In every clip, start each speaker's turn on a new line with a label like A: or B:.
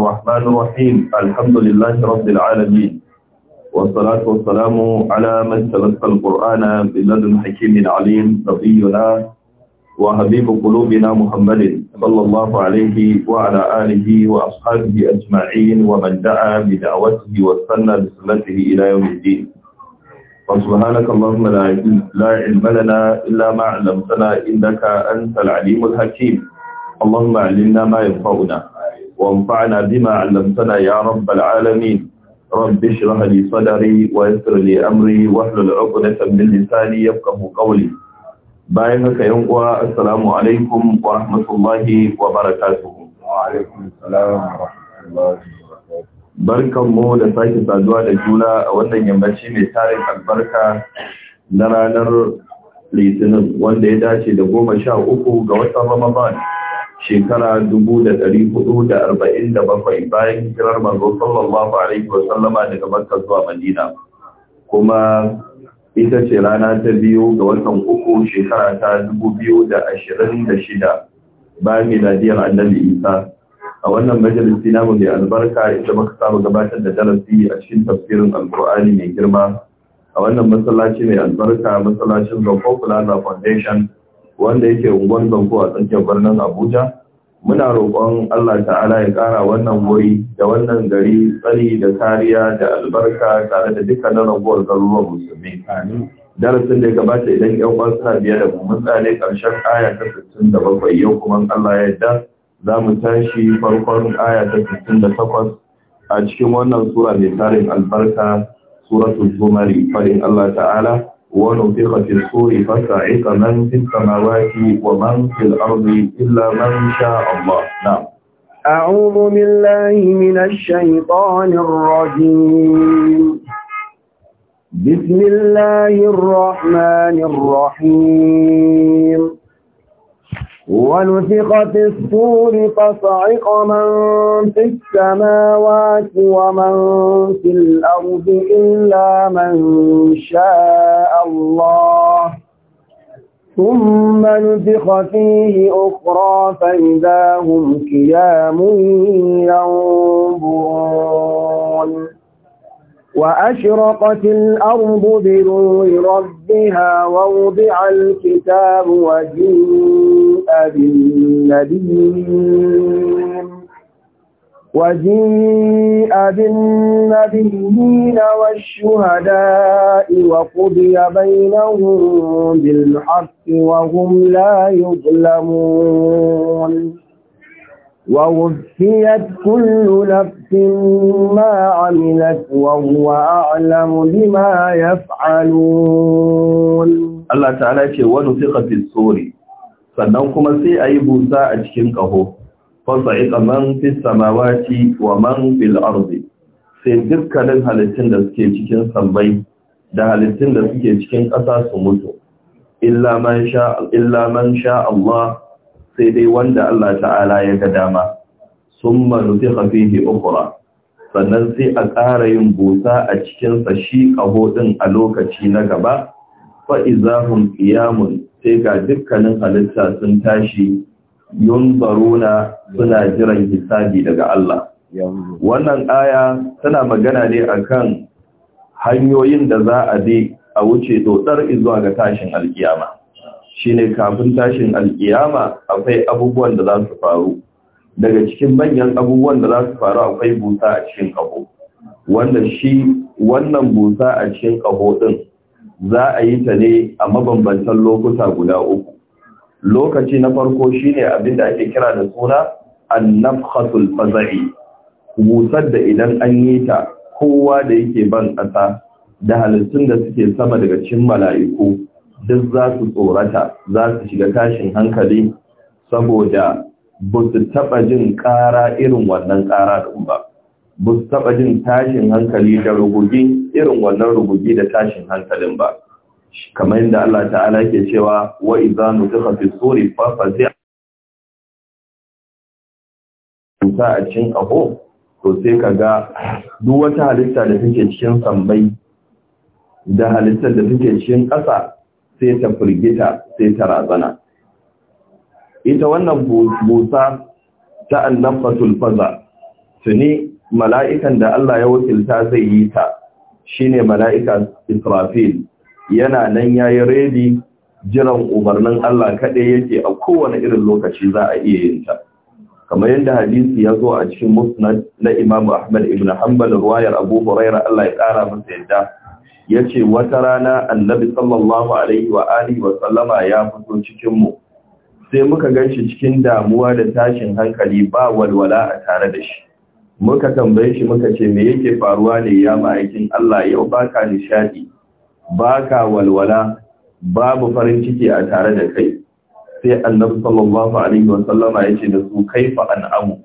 A: الرحمن الرحيم الحمد لله رب العالمين والصلاة والسلام على من تلقى القرآن بلد حكيم عليم نبينا وحبيب قلوبنا محمد صلى الله عليه وعلى آله وأصحابه أجمعين ومن دعا بدعوته واستنى بسنته إلى يوم الدين فسبحانك اللهم لا علم لنا إلا ما علمتنا إنك أنت العليم الحكيم اللهم علمنا ما ينفعنا وانفعنا بما علمتنا يا رب العالمين رب اشرح لي صدري ويسر لي أمري واحلل عقدة من لساني يفقه قولي bayan haka yan uwa assalamu alaikum wa rahmatullahi wa barakatuhu wa alaikum assalam wa rahmatullahi wa da sake saduwa da juna a wannan yammaci mai tarin albarka na ranar litinin wanda ya dace da goma sha uku ga watan ramadan shekara da 447 bayan kirar manzo sallallahu alaihi wasallama daga Makka zuwa Madina kuma ita ce rana ta biyu ga watan uku shekara ta 2026 bayan miladiyar Annabi Isa a wannan majalisi mu mai albarka ita muka samu gabatar da darasi a cikin tafsirin Alkur'ani mai girma a wannan masallaci mai albarka masallacin Rockefeller Foundation wanda yake unguwar zanko a tsakiyar birnin abuja muna roƙon allah ta'ala ya ƙara wannan wuri da wannan gari tsari da kariya da albarka tare da duka na raguwar garuruwan musulmi darasin da ya gabata idan yan uwan suna biya da mu mun karshen ƙarshen aya ta sittin da bakwai yau kuma allah ya yarda za mu tashi farkon aya ta sittin da takwas a cikin wannan sura mai tarin albarka suratul zumari farin allah ta'ala ونفخ في الصور فصعق من في السماوات ومن في الأرض إلا من شاء الله نعم
B: أعوذ بالله من الشيطان الرجيم بسم الله الرحمن الرحيم ونفخ في الصور فصعق من في السماوات ومن في الأرض إلا من شاء الله ثم نفخ فيه أخرى فإذا هم قيام ينظرون وأشرقت الأرض بنور ربها ووضع الكتاب وجيء بالنبيين وجيء بالنبيين والشهداء وقضي بينهم بالحق وهم لا يظلمون ووفيت كل نفس ما عملت وهو أعلم بما
A: يفعلون الله تعالى يقول ونفق في الصور sannan kuma sai a yi busa a cikin ƙaho fasa'iƙa man fi samawati wa man fil arzi sai dukkanin halittun da suke cikin sambai da halittun da suke cikin ƙasa su mutu illa man sha Allah sai dai wanda Allah ta'ala ya ga dama sun nufiqa fihi ukura sannan sai a ƙara yin busa a cikinsa shi ƙaho a lokaci na gaba fa'izahun izahum sai ga dukkanin halitta sun tashi yunbaruna suna jiran hisabi daga Allah wannan aya tana magana ne a kan hanyoyin da za a bi a wuce dotsar izuwa ga tashin alkiyama shine kafin tashin alkiyama akwai abubuwan da za su faru daga cikin manyan abubuwan da za su faru akwai busa a cikin kaho wanda shi wannan busa a cikin kaho din za a yi ta ne a mabambantan lokuta guda uku lokaci na farko shine abin da ake kira da suna annafhatul fazai busar da idan an yi ta kowa da yake ban ƙasa da halittun da suke sama daga cikin mala'iku duk za su tsorata za su shiga tashin hankali saboda ba su taɓa jin ƙara irin wannan ƙara ɗin ba ba su taɓa jin tashin hankali da rugugi irin wannan rugugi da
C: tashin hankalin ba kamar yadda Allah ta'ala ke cewa wa idza nutikha fi suri fa fazi'a a cikin ƙaho to sai ka ga duk wata halitta da take cikin sambai
A: da halittar da take cikin ƙasa sai ta firgita sai ta razana ita wannan busa ta annabatul faza tuni mala'ikan da Allah ya wakilta zai yi ta shine mala'ika Israfil yana nan yayi redi jiran umarnin Allah kaɗai yake a kowane irin lokaci za a iya yin ta kamar yadda hadisi ya zo a cikin musnad na Imam Ahmad ibn Hanbal riwayar Abu Hurairah Allah ya ƙara masa yadda ya ce wata rana annabi sallallahu alaihi wa alihi wa sallama ya fito cikin mu sai muka ganshi cikin damuwa da tashin hankali ba walwala a tare da shi muka tambaye shi muka ce me yake faruwa ne ya ma'aikin Allah yau baka nishadi baka walwala babu farin ciki a tare da kai sai annabi sallallahu alaihi wa sallama ya ce da su kai kaifa an'amu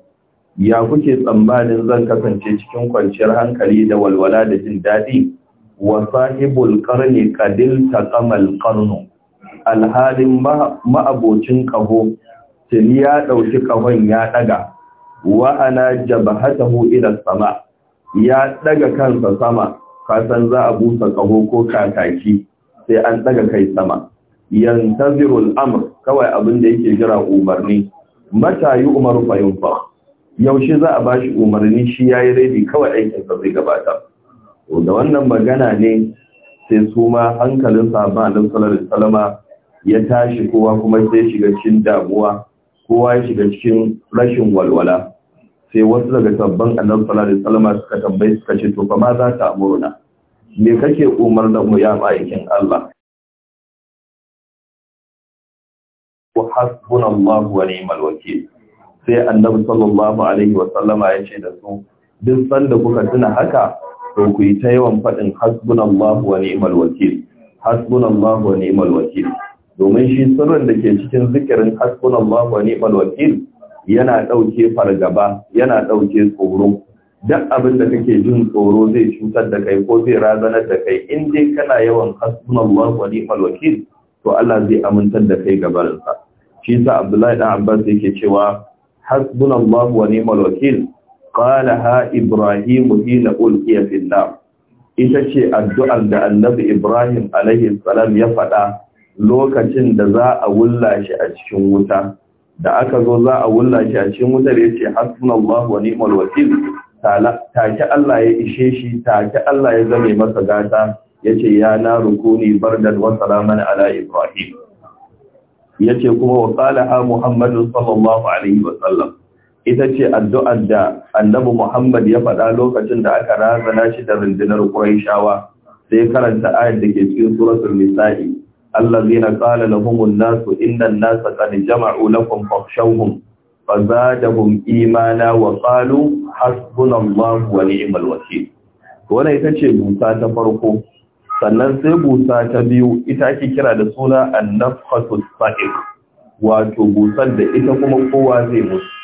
A: ya kuke tsammanin zan kasance cikin kwanciyar hankali da walwala da jin daɗi wa sahibul qarni qadil taqamal qarnu alhalin ma'abocin qaho tuni ya dauki ƙahon ya daga wa ana jabhatahu ila sama ya daga kansa sama kasan za a busa ƙaho ko kakaki sai an daga kai sama yantazirul amr kawai abin da yake jira umarni mata yi umaru fa yaushe za a bashi umarni shi yayi rabi kawai aikin sa zai gabata da wannan magana ne sai su ma hankalin sahabban annabi sallallahu alaihi wasallama ya tashi kowa kuma sai shiga cikin damuwa kowa ya shiga cikin rashin walwala sai wasu daga
C: sabban annabi sallallahu alaihi wasallama suka tambaye suka ce to fa ma za ta amuruna me kake umar da mu ya ma'aikin Allah wa hasbunallahu wa ni'mal wakeel sai annabi sallallahu alaihi wasallama ya ce da
A: su duk sanda kuka tuna haka to ku yi ta yawan faɗin Allah wa ni'mal wakil Allah wa ni'mal wakil domin shi sirrin da ke cikin zikirin Allah wa ni'mal wakil yana ɗauke fargaba yana ɗauke tsoro duk abin da kake jin tsoro zai cutar da kai ko zai razana da kai in dai kana yawan Allah wa ni'mal wakil to Allah zai amintar da kai gabarinsa shi sa Abdullahi dan Abbas yake cewa Allah wa ni'mal wakil qalaha ibrahim hina ulqiya fil nar ita ce addu'ar da annabi ibrahim alaihi salam ya faɗa lokacin da za a wulla shi a cikin wuta da aka zo za a wulla shi a cikin wutar ya ce hasbunallahu wa ni'mal take Allah ya ishe shi take Allah ya zame masa gata yace ya na rukuni bardan wa salaman ala ibrahim yace kuma wa qala muhammadu sallallahu alaihi wa sallam ita ce addu'ar da annabi Muhammad ya faɗa lokacin da aka razana shi da rundunar Qurayshawa sai karanta ayar da ke cikin suratul Nisa'i allazina na lahumun nasu innan nasa qad jama'u lakum fakhshawhum fazadahum imana wa qalu hasbunallahu wa ni'mal wakeel wani ita ce busa ta farko sannan sai busa ta biyu ita ake kira da suna an-nafkhatu wato busar da ita kuma kowa zai mutu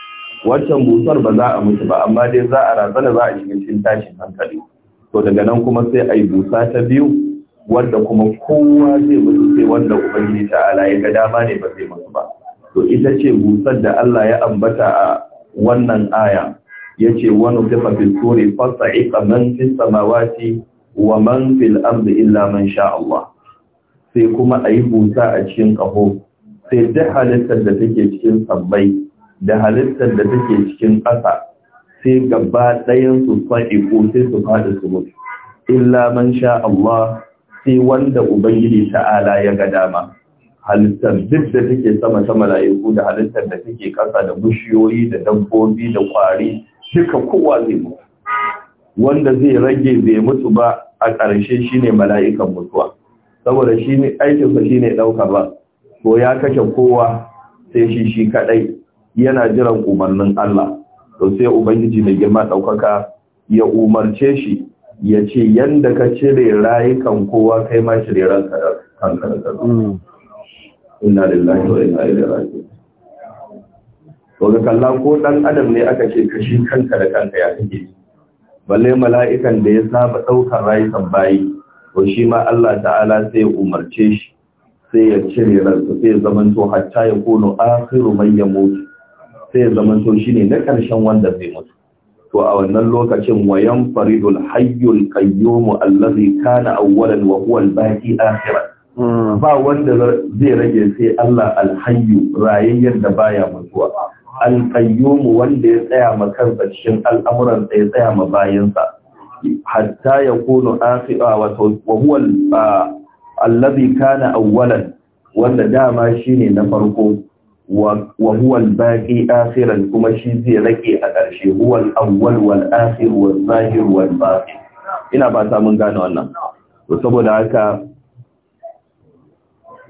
A: wancan busar ba za a mutu ba amma dai za a razana za a cikin tashin hankali to daga nan kuma sai a yi busa ta biyu wanda kuma kowa zai mutu sai wanda ubangiji ala ya ga dama ne ba zai mutu ba to ita ce busar da Allah ya ambata a wannan aya yace wani kafa fil suri fasa'iqa man fi samawati wa man fil ardi illa man sha Allah sai kuma a yi busa a cikin kaho sai duk halittar da take cikin sabbai da halittar da take cikin ƙasa sai gaba ɗayan su faɗi ko sai su faɗi su mutu illa man sha Allah sai wanda ubangiji ta'ala ya ga dama halittar duk da take sama ta mala'iku da halittar da take ƙasa da bushiyoyi da dabbobi da ƙwari duka kowa zai mutu wanda zai rage bai mutu ba a ƙarshe shine mala'ikan mutuwa saboda shine aikinsa shine ɗauka ba ko ya kashe kowa sai shi shi kaɗai yana jiran umarnin Allah to sai ubangiji mai girma daukaka ya umarce shi ya ce yanda ka cire rayukan kowa kai ma cire ranka kanka mm. inna lillahi wa inna ilaihi raji'un to ga kalla ko dan adam ne aka ce kashi kanka da kanka ya kake balle mala'ikan da ya saba daukar rayukan bayi to shi ma Allah ta'ala sai ya umarce shi sai ya cire ransa sai ya zamanto hatta ya kono akhiru man yamutu sai ya to shine na ƙarshen wanda zai mutu to a wannan lokacin wayan faridul hayyul qayyum allazi kana awwalan wa huwa al-baqi akhiran hmm. ba wanda zai rage sai Allah al-hayyu rayayyen da baya mutuwa al-qayyum wanda ya tsaya ma kansa cikin al'amuran sa ya tsaya ma bayansa hatta kunu akhira wa huwa allazi kana awwalan wanda dama shine na farko wa huwa al-baqi akhiran kuma shi zai rage a ƙarshe huwa al-awwal wal akhir wal zahir wal baqi ina ba ta mun gano wannan to saboda haka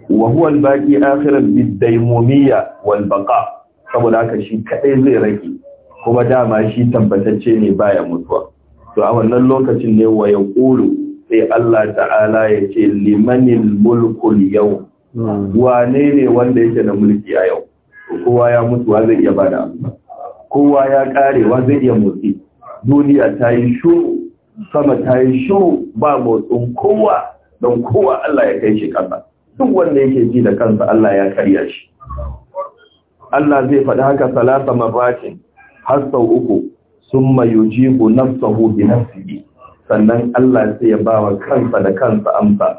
A: wa huwa al-baqi akhiran bid-daymumiyya wal baqa saboda haka shi kadai zai rage kuma dama shi tabbatacce ne baya mutuwa to a wannan lokacin ne wa yaqulu sai Allah ta'ala ya ce limanil mulkul yau hmm. Wanene ne wanda yake da mulki a yau kowa ya mutu wa zai iya bada kowa ya karewa zai iya motsi duniya ta yi shu, sama ta yi shu ba motsin kowa don kowa Allah ya kai shi ƙasa duk wanda yake ji da kansa Allah ya karya shi Allah zai faɗi haka salasa mabatin har sau uku sun mayujibu nafsahu bi nafsihi sannan Allah sai ya bawa kansa da kansa amsa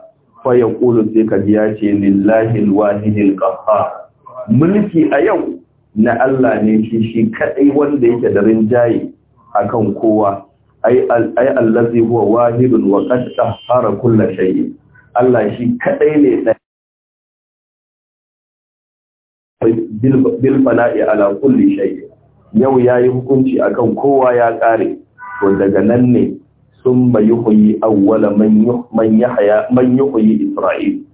A: fa ya kulu sai ka biya ce lillahi alwahidil qahhar mulki a yau na Allah ne shi shi kadai wanda yake da rinjaye akan
C: kowa ai allazi huwa wahidun wa qad tahara kullu shay'in Allah shi kadai ne da bil fana'i ala kulli shay'in yau yayi hukunci akan kowa ya ƙare. to daga nan ne sun yuhyi awwala man yuhyi man man isra'il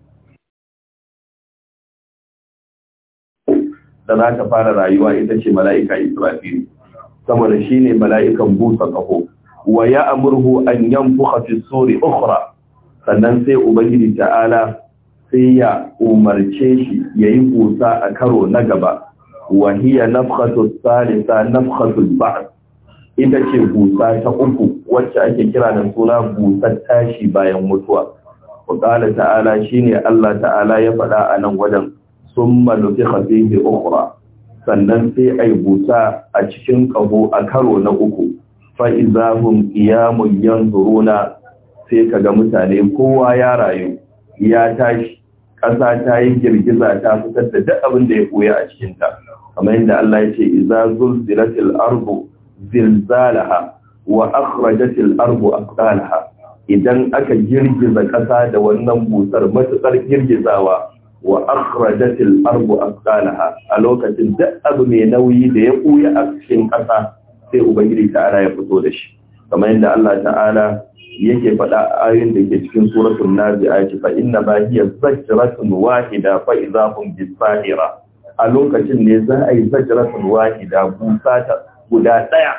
C: da za ta fara rayuwa ita ce mala'ika Israfil saboda shi ne mala'ikan
A: busa ƙaho wa ya amurhu an yan fi suri ukhra sannan sai ubangiji ta'ala sai ya umarce shi yayi busa a karo na gaba wa hiya nafkhatu salisa nafkhatu ba ita ce busa ta uku wacce ake kira da suna busar tashi bayan mutuwa wa ta'ala shine Allah ta'ala ya faɗa a nan wajen sun malufi hafihi ukura sannan sai a yi busa a cikin kabo a karo na uku fa'izahun ƙiyamun yan zuruna sai ka ga mutane kowa ya rayu ya tashi ƙasa ta yi girgiza ta fitar da duk abin da ya koya a cikinta kamar yadda Allah ya ce iza zulzilatil ardu zilzalaha wa akhrajatil ardu aqdalaha idan aka girgiza ƙasa da wannan busar matukar girgizawa wa akhrajatil ardu asqalaha a lokacin duk abu mai nauyi da ya kuya a cikin kasa sai ubangiji ta'ala ya fito da shi kamar yadda Allah ta'ala yake faɗa ayoyin da ke cikin suratul ayati fa inna ma hiya zajratun wahida fa idza hum bisahira a lokacin ne za a yi zajratun wahida busa ta guda daya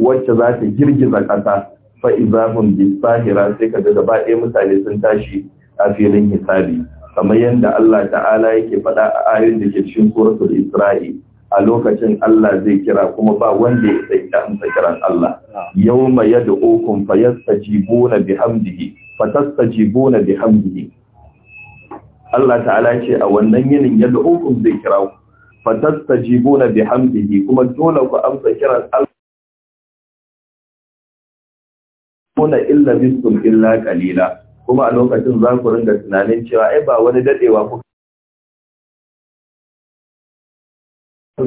A: wacce za ta girgiza kasa fa idza hum bisahira sai kaga gaba ɗaya mutane sun tashi a filin hisabi kamar yadda Allah ta'ala yake faɗa a ayin da ke cikin suratul Isra'i a lokacin Allah zai kira kuma ba wanda ya sai da amsa kiran Allah yawma yad'ukum fayastajibuna bihamdihi fatastajibuna bihamdihi Allah ta'ala ce a wannan yinin yad'ukum zai kira ku
C: fatastajibuna bihamdihi kuma dole ku amsa kiran Allah kuna illa bisum illa qalila kuma a lokacin za ku ringa tunanin cewa ai ba wani dadewa ku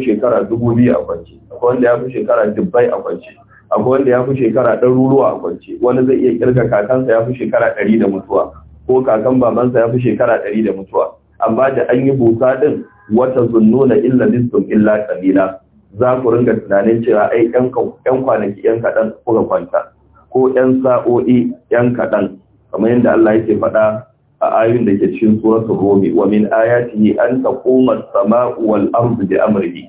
C: shekara dubu biyu a kwance akwai wanda ya fi shekara dubbai a kwance akwai wanda
A: ya fi shekara ɗaruruwa a kwance wani zai iya kirga kakansa ya fi shekara ɗari da mutuwa ko kakan babansa ya fi shekara ɗari da mutuwa amma da an yi busa ɗin wata zunnuna illa listum illa ƙabila, za ku ringa tunanin cewa ai 'yan kwanaki 'yan kaɗan kuka kwanta ko 'yan sa'o'i 'yan kaɗan kamar yadda Allah yake faɗa a ayoyin da ke cikin suratul Rumi wa min ayatihi an taquma as-sama'u wal ardu bi amrihi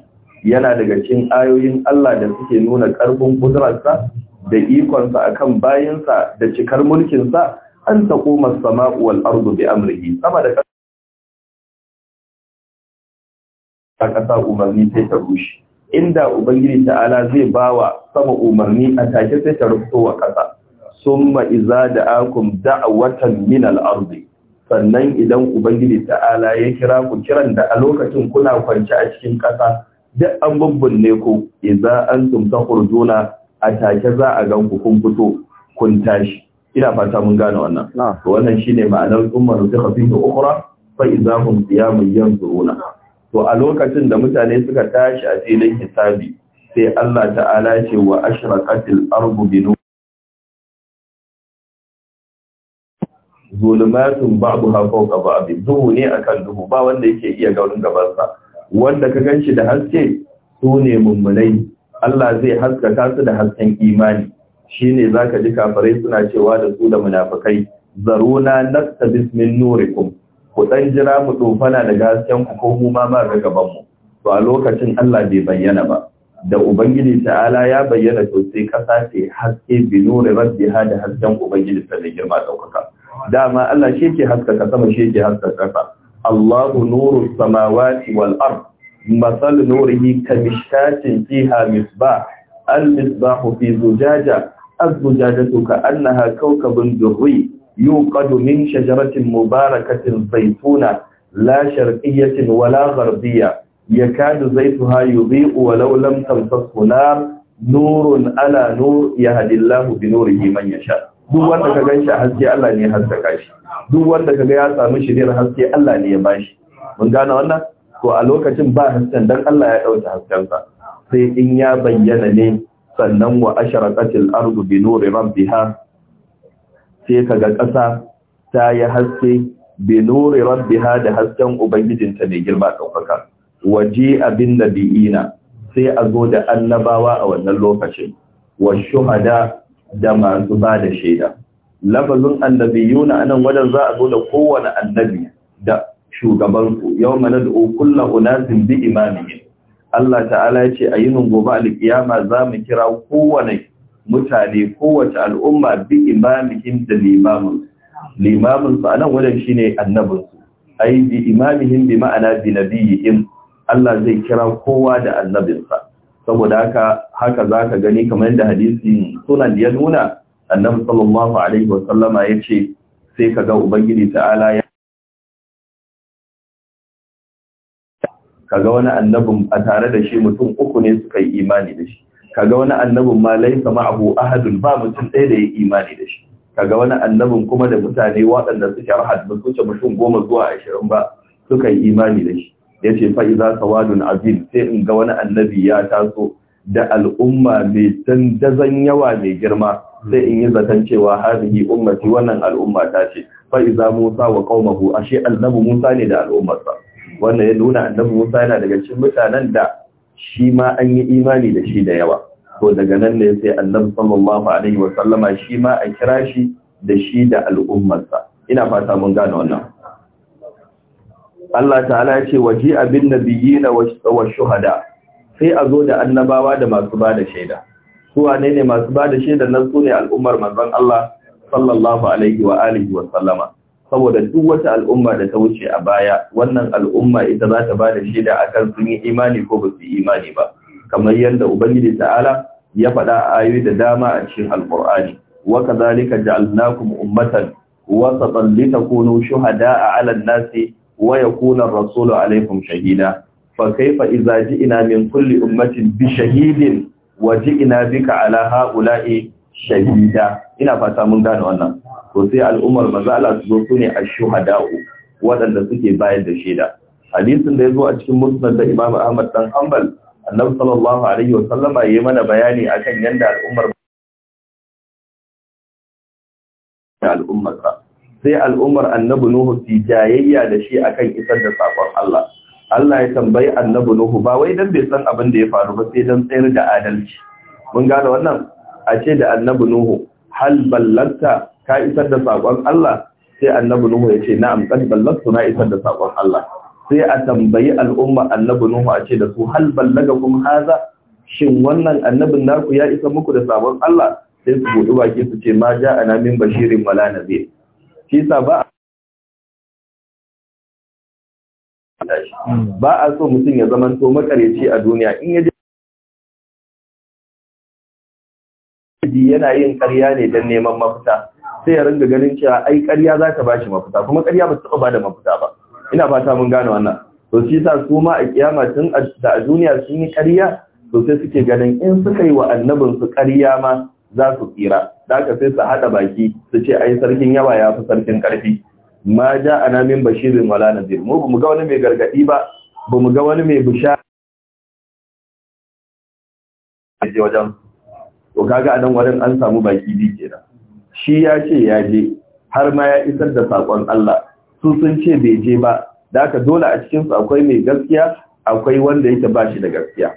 A: yana daga cikin ayoyin Allah da suke nuna karfin kudurarsa
C: da ikonsa akan bayinsa da cikar mulkinsa an taquma as-sama'u wal ardu bi amrihi sama da kasa umarni sai ta rushe inda ubangiji ta'ala zai bawa sama umarni a
A: take sai ta rufto wa kasa summa iza da akum da'awatan min al sannan idan ubangiji ta'ala ya kira ku kiran da a lokacin kuna kwance a cikin ƙasa duk an bubbunne ku iza antum takhurjuna a take za a gan ku kun fito kun tashi ina fata mun gane wannan to wannan shine ma'anar summa nutikha fihi ukhra fa iza hum qiyamun zuruna. to a lokacin da
C: mutane suka tashi a filin hisabi sai Allah ta'ala ce wa ashraqatil ardu bi zulumatun babu hafauka babu duhu ne akan duhu ba wanda yake iya gaurin gabansa wanda ka
A: gan shi da haske su ne mummunai Allah zai haskaka su da hasken imani Shi ne za ka ji kafarai suna cewa da su da munafukai zaruna nasta bismin nurikum ku ɗan jira mu tsofana daga hasken ku ko mu ma mara gabanmu to a lokacin Allah bai bayyana ba da ubangiji ta'ala ya bayyana to sai kasa ce haske bi nuri rabbiha da hasken ubangiji ta da girma daukaka dama Allah shi ke haskaka sama shi ke haskaka Allahu nuru samawati wal ard masal nurihi kamishkatin fiha misbah al misbahu fi zujaja az zujajatu ka'annaha kawkabun durri yuqadu min shajaratin mubarakatin zaytuna la sharqiyyatin wala gharbiyya yakadu zaytuha yudhi'u walau lam tamsashu nar nurun ala nur yahdillahu bi nurihi man yasha' duk wanda ka gan shi a haske Allah ne ya haskaka shi duk wanda ka ga ya samu shirin haske Allah ne ya bashi mun gane wannan Ko a lokacin ba hasken dan Allah ya dauke haskensa sai in ya bayyana ne sannan wa asharaqatil ardu bi nuri rabbiha sai kaga kasa ta yi haske bi nuri rabbiha da hasken ubangijinta mai girma daukaka waje abin nabiyina sai a zo da annabawa a wannan lokacin wa shuhada da masu ba da shaida lafazin annabiyuna anan wajen za a zo da kowane annabi da shugabansu yau mana da okulla unasin bi imamihim Allah ta'ala ya ce a yi min gobe alkiyama za mu kira kowane mutane kowace al'umma bi imamihim da limamin limamin anan wajen shine annabin su ai bi imamihim bi ma'ana bi nabiyihim Allah zai kira kowa da annabinsa saboda haka haka zaka gani kamar yadda hadisin
C: sunan ya nuna annabi sallallahu alaihi ya yace sai ga ubangiji ta'ala ya kaga wani annabin a tare da shi mutum uku ne suka yi imani da shi kaga wani annabin ma laisa ma'ahu
A: ahadun ba mutum ɗaya da ya imani da shi kaga wani annabin kuma da mutane waɗanda suke rahad ba su mutum goma zuwa ashirin ba suka yi imani da shi ya ce fa'iza sawadun azim sai in ga wani annabi ya taso da al'umma mai dandazon yawa mai girma sai in yi zaton cewa harihi ummati wannan al'umma ta ce fa'iza musa wa ƙaumahu ashe annabi musa ne da al'ummarsa wannan ya nuna annabi musa yana daga cikin mutanen da shi ma an yi imani da shi da yawa to daga nan ne sai annabi sallallahu alaihi wa sallama shi ma a kira shi da shi da al'ummarsa ina fata mun gane wannan Allah ta'ala ce waje abin nabiyina wa shuhada sai a zo da annabawa da masu ba da shaida su wane ne masu ba da shaida nan su ne al'ummar manzon Allah sallallahu alaihi wa alihi wa sallama saboda duk wata al'umma da ta wuce a baya wannan al'umma ita za ta ba da shaida akan sun yi imani ko ba su imani ba kamar yadda ubangiji ta'ala ya faɗa a ayoyi da dama a cikin alqur'ani wa kadhalika ja'alnakum ummatan wasatan litakunu shuhada'a 'alan nasi wa yakuna ar-rasulu alaikum shahida fa kayfa idza ji'na min kulli ummatin bi shahidin wa ji'na bika ala ha'ula'i shahida ina fata mun gane wannan to sai al'ummar manzo Allah su zo su ne ash-shuhada'u waɗanda suke bayan da shaida hadisin da zo a cikin musnad da Imam Ahmad
C: dan Hanbal annabi sallallahu alaihi wasallama yayi mana bayani akan yanda al'ummar al'ummar sai al'ummar annabi
A: Nuhu su jayayya da shi akan isar da saƙon Allah. Allah ya tambayi annabi Nuhu ba wai dan bai san abin da ya faru ba sai dan tsayar da adalci. Mun gane wannan a ce da annabi Nuhu hal ballanta ka isar da saƙon Allah sai annabi Nuhu ya ce na'am qad ballanta na isar da saƙon Allah. Sai a tambayi al'ummar annabi Nuhu a ce da su hal kuma haza shin wannan annabin naku ya isa muku da sabon Allah
C: sai su buɗi baki su ce ma a namin bashirin wala nadir shi ba ba a so mutum ya zamanto makareci a duniya in ya ji yana yin ƙarya ne don neman mafita sai ya ringa ganin cewa ai ƙarya za ta bashi mafita kuma
A: ƙarya ba ta taɓa da mafita ba ina ta mun gane wannan to shi sa su ma a kiyama tun da a duniya sun yi ƙarya to sai suke ganin in suka yi wa annabin su ƙarya ma za su tsira da aka sai su haɗa baki su ce ai sarkin yawa ya fi sarkin ƙarfi ma
C: ja ana min bashirin wala nazir mu bamu ga wani mai gargaɗi ba bamu ga wani mai bisha je wajen to kaga a nan wurin an samu baki bi kenan shi ya ce ya je har ma ya isar da sakon Allah
A: su sun ce bai je ba da aka dole a cikinsu akwai mai gaskiya akwai wanda yake ba shi da gaskiya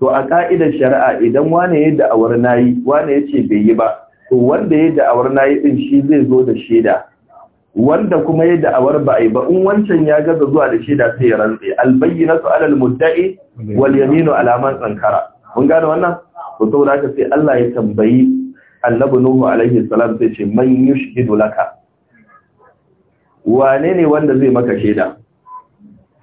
A: to a ka'idar shari'a idan wane ya da'awar nayi wane ya ce bai yi ba to wanda ya da'awar nayi din shi zai zo da shaida wanda kuma ya da'awar ba a yi ba in wancan ya gaza zuwa da shaida sai ya rantse na alal mudda'i wal yaminu alaman tsankara. mun gane wannan to saboda haka sai Allah ya tambayi annabi nuhu alaihi salam sai ce man yushhidu laka wane ne wanda zai maka shaida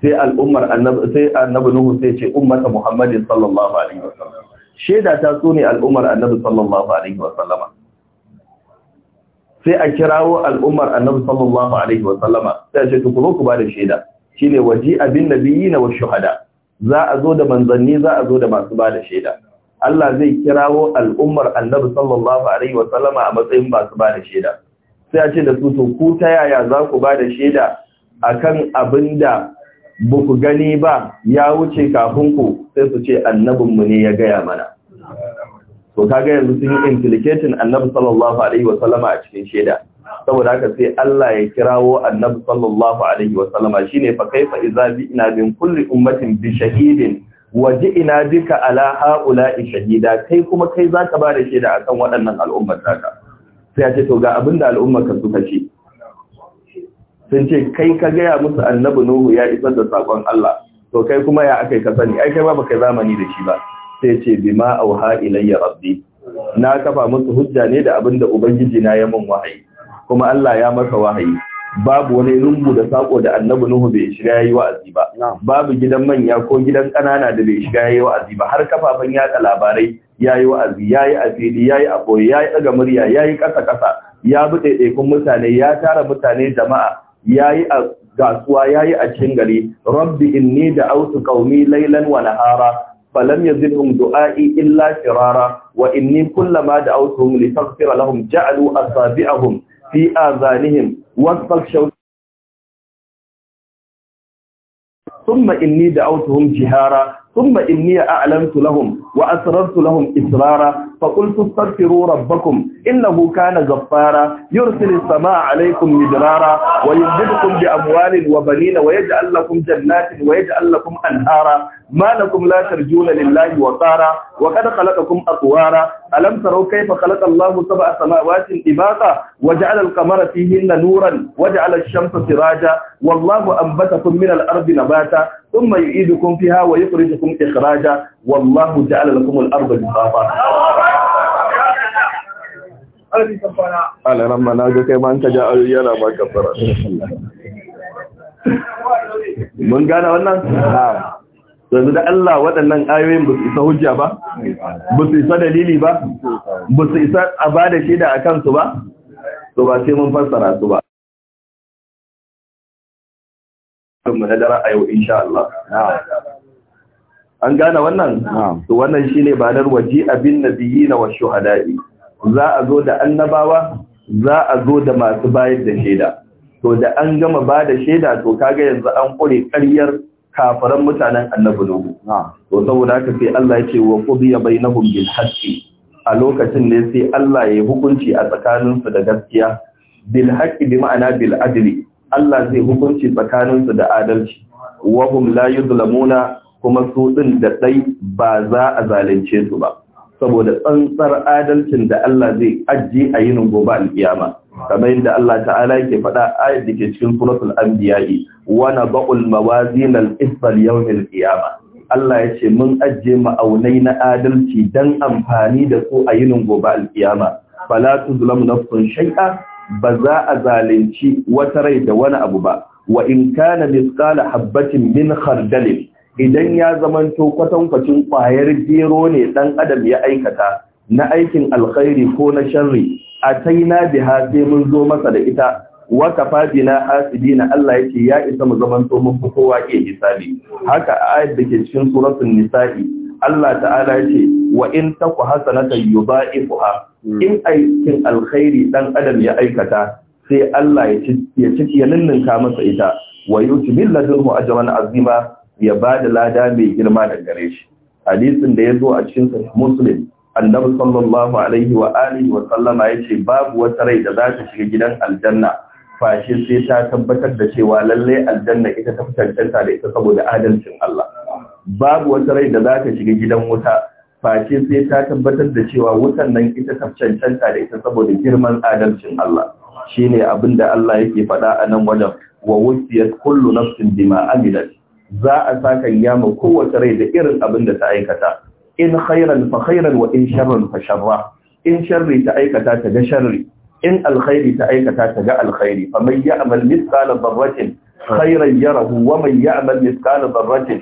A: sai al'ummar annabi sai annabi nuhu sai ce ummata muhammadin sallallahu alaihi wasallam sheda ta so ne al'ummar annabi sallallahu alaihi wasallama sai a kirawo al'ummar annabi sallallahu alaihi wasallama sai ce ku zo ku ba da sheda shine waji abin nabiyina wa shuhada za a zo da manzanni za a zo da masu ba da sheda Allah zai kirawo al'ummar annabi sallallahu alaihi wasallama a matsayin masu ba da sheda sai a ce da su to ku ta yaya za ku ba da sheda akan abinda ba ku gani ba ya wuce kafin ku sai su ce annabinmu ne ya gaya mana to kaga yanzu sun yi implicating annabi sallallahu alaihi a cikin shaida. saboda haka sai Allah ya kirawo annabi sallallahu alaihi shine fa kaifa idza bi'na min kulli ummatin bi shahidin wa ji'na bika ala shahida kai kuma kai zaka ba da a akan waɗannan al'ummar ka. sai ya ce to ga abinda al'ummar ka suka ce sun ce kai ka gaya musu annabi nuhu ya isar da sakon Allah to kai kuma ya akai ka sani ai kai ba baka zamani da shi ba sai ce bima auha ilayya rabbi na kafa musu hujja ne da abin da ubangiji na ya mun wahayi kuma Allah ya masa wahayi babu wani lungu da sako da annabi Nuhu bai shiga yayi wa'azi ba babu gidan manya ko gidan kanana da bai shiga yayi wa'azi ba har kafafan yaka labarai yayi wa'azi yayi asiri yayi aboye yayi daga murya yayi kasa kasa ya bude kun mutane ya tara mutane jama'a yayi a gasuwa yayi a cikin gari rabbi inni da'awtu qaumi laylan wa nahara falam yazidhum du'a'i illa firara wa inni kullama da'awtuhum
C: listaghfira lahum ja'alu asabi'ahum fi azanihim wastaghshaw ثم إني دعوتهم جهارا ثم إني أعلنت لهم وأسررت لهم إسرارا فقلت استغفروا
A: ربكم إنه كان غفارا يرسل السماء عليكم مدرارا ويمددكم بأموال وبنين ويجعل لكم جنات ويجعل لكم أنهارا ما لكم لا ترجون لله وقارا وقد خلقكم أطوارا ألم تروا كيف خلق الله سبع سماوات إباقا وجعل القمر فيهن نورا وجعل الشمس سراجا والله أنبتكم من الأرض نباتا ثم يعيدكم فيها ويخرجكم إخراجا والله جعل لكم الأرض بساطا Alaran mana ga kai ma an ka ja yana ba ka fara. Mun gane Yanzu da Allah waɗannan ayoyin ba su isa hujja ba, ba su isa dalili ba, ba su isa
C: a ba da shaida a kansu ba, to ba sai mun fassara su ba. mu na a yau insha Allah
A: an gane wannan to wannan shine banar waji abin nabiyina wa shuhada'i za a zo da annabawa za a zo da masu bayar da shaida to da an gama ba da shaida to kaga yanzu an kure ƙaryar kafaran mutanen annabi nuhu to saboda haka sai Allah ya ce wa qudiya bainahum bil haqqi a lokacin ne sai Allah ya hukunci a tsakaninsu da gaskiya bil haqqi bi ma'ana bil adli Allah zai hukunci tsakaninsu da adalci wahum la yuzlamuna kuma su ɗin da ɗai ba za a zalunce su ba saboda tsantsar adalcin da Allah zai ajiye a yinin gobe al'iyama, kamar yadda Allah ta'ala yake faɗa ayat da ke cikin suratul anbiya wa ba'ul mawazin al-qisl al'iyama. Allah ya ce mun ajiye ma'aunai na adalci dan amfani da su a yinin gobe alkiyama fala tuzlamu nafsun shay'a ba za a zalunci wata rai da wani abu ba wa in kana misqala habatin min khardalin idan ya zamanto kwatankwacin kwayar gero ne dan adam ya aikata na aikin alkhairi ko na sharri ataina biha sai mun zo masa da ita wa kafadina hasibina Allah yake ya isa mu zamanto mun fi kowa ke hisabi haka ayat da ke cikin suratul nisa'i Allah ta'ala ce wa in taku hasanatan yudha'ifuha hmm. in aikin alkhairi dan adam ya aikata sai Allah ya ya ciki ya ninninka masa ita wa yutbil ladunhu ajran azima ya bada lada mai girma da gare shi hadisin da yazo a cikin sahih muslim annabi sallallahu alaihi wa alihi wa sallama yace babu wata rai da za ta shiga gidan aljanna fashi sai ta tabbatar da cewa lalle aljanna ita ta fitanta da ita saboda adalcin Allah babu wata rai da za ta shiga gidan wuta face sai ta tabbatar da cewa wutan nan ita ta cancanta da ita saboda girman adalcin Allah shine abin da Allah yake faɗa a nan wajen wa wusiyat kullu nafsin bima amilat za a saka yama kowace rai da irin abin da ta aikata in khairan fa khairan wa in sharran fa sharra in sharri ta aikata ta ga sharri in alkhairi ta aikata ta ga alkhairi fa man ya'mal mithqala dharratin khairan yarahu wa man ya'mal mithqala dharratin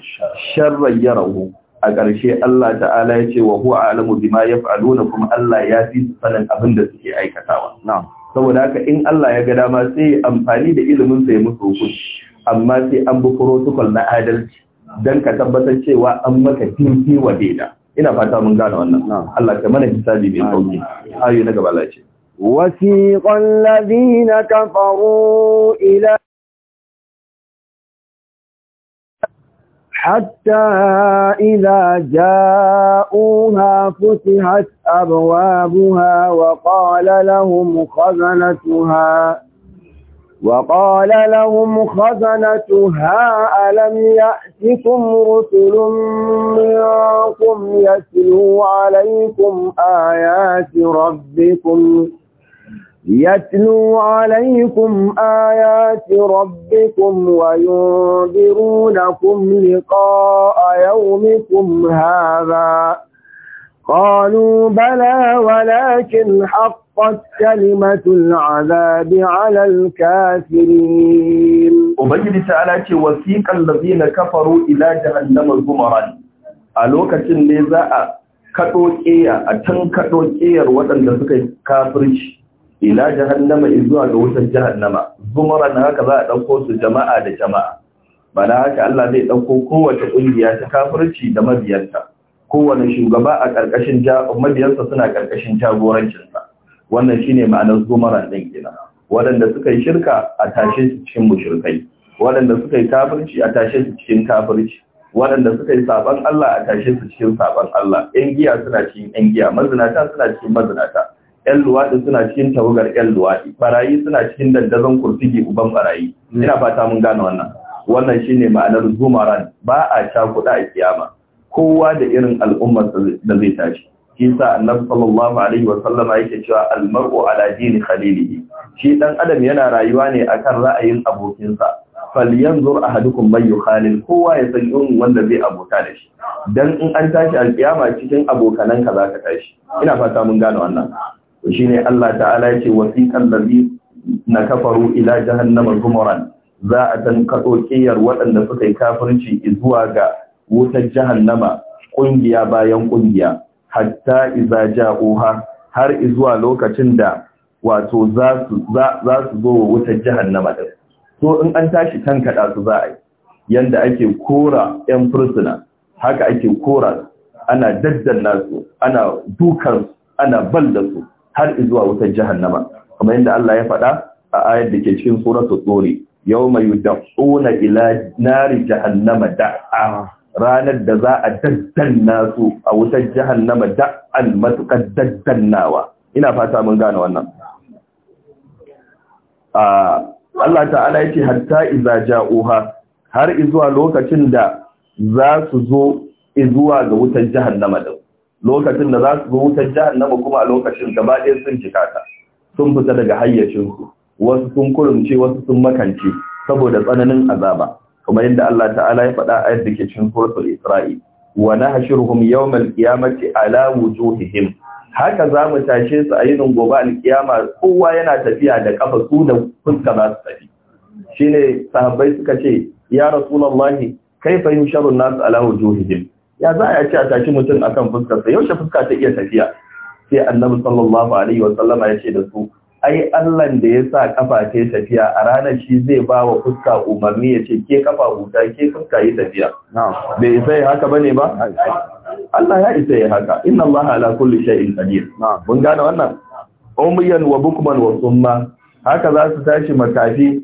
A: sharran yarahu a ƙarshe Allah ta'ala ya ce wa huwa alamu bima yaf'aluna kuma Allah ya fi sanin abin da suke aikatawa na'am saboda haka in Allah ya ga dama sai amfani da ilimin sa ya musu hukunci amma sai an bi protocol na adalci dan ka tabbatar cewa an maka titi wa daida ina fata mun gane wannan Allah ka mana hisabi mai sauki ayu na gaba
C: lafiya وسيق الذين كفروا حتى
B: إذا جاءوها فتحت أبوابها وقال لهم خزنتها وقال لهم خزنتها ألم يأتكم رسل منكم يتلو عليكم آيات ربكم ؟ يَتْلُو يتلو عليكم آيات ربكم وينذرونكم لقاء يومكم هذا قالوا بلى ولكن حقت كلمة العذاب على الكافرين
A: وبجد تعالى وثيق الذين كفروا إلى جهنم الزمران ألوكة النزاء كتوكية أتنكتوكية وطن لسكي كافرش ila jahannama izuwa ga wutar jahannama zumara na haka za a ɗauko su jama'a da jama'a bana haka Allah zai ɗauko kowace ƙungiya ta kafirci da mabiyanta kowane shugaba a ƙarƙashin mabiyansa suna ƙarƙashin jagorancinsa wannan shine ma'anar zumara ɗin gina waɗanda suka yi shirka a tashe su cikin mushrikai waɗanda suka yi kafirci a tashe su cikin kafirci waɗanda suka yi saban Allah a tashe su cikin saban Allah ƴan giya suna cikin ƴan giya mazinata suna cikin mazinata 'yan luwaɗi suna cikin tawagar 'yan luwaɗi barayi suna cikin dandazon kurtugi uban barayi ina fata mun gane wannan wannan shine ma'anar zumaran ba a cakuɗa a kiyama kowa da irin al'ummar da zai tashi shi sa annabi sallallahu alaihi wa sallama yake cewa al-mar'u ala dini khalilihi shi dan adam yana rayuwa ne akan ra'ayin abokinsa falyanzur ahadukum man yukhalil kowa ya san irin wanda zai abota da shi dan in an tashi kiyama cikin abokananka ka tashi ina fata mun gane wannan shine Allah ta'ala yace wasiqal ladhi na kafaru ila jahannama zumuran za a dan kado waɗanda suka yi kafirci zuwa ga wutar jahannama ƙungiya bayan ƙungiya. hatta iza oha, har zuwa lokacin da wato za su zo wa wutar jahannama din so in an tashi kaɗa su za a yi yanda ake kora yan fursuna haka ake kora ana daddanna su ana dukan ana balda su har zuwa wutar jahannama kamar yadda Allah ya faɗa a ayar da ke cikin suratul tsori yau yawma yud'una ila nari jahannama da'a ah. ranar da za a daddanna su a wutar jahannama da'an matuƙar daddannawa ina fata mun gane wannan Allah ta'ala yake hatta iza ja'uha har izuwa lokacin da za su zo izuwa ga wutar jahannama din lokacin da za su zo wutar jahannama kuma a lokacin gaba ɗaya sun jikata sun fita daga hayyacinsu wasu sun kurumce wasu sun makance saboda tsananin azaba Kuma yadda Allah ta'ala ya faɗa a yadda ke cin suratul Isra'i wa nahshuruhum yawmal qiyamati ala wujuhihim haka za mu tashe su a yinin gobe alkiyama kowa yana tafiya da kafa su da fuska za su tafi shine sahabbai suka ce ya rasulullahi kaifa yusharu nasu nas ala wujuhihim ya za a ce a tashi mutum akan fuskarsa yaushe fuska ta iya tafiya sai annabi sallallahu alaihi wa sallama ya ce da su ai Allah da ya sa kafa ta tafiya a ranar shi zai ba wa fuska umarni ya ce ke kafa huta ke fuska yi tafiya bai isa ya haka bane ba Allah ya isa ya haka inna Allah ala kulli shay'in qadir mun gane wannan umyan wa bukman wa summa haka za su tashi makafi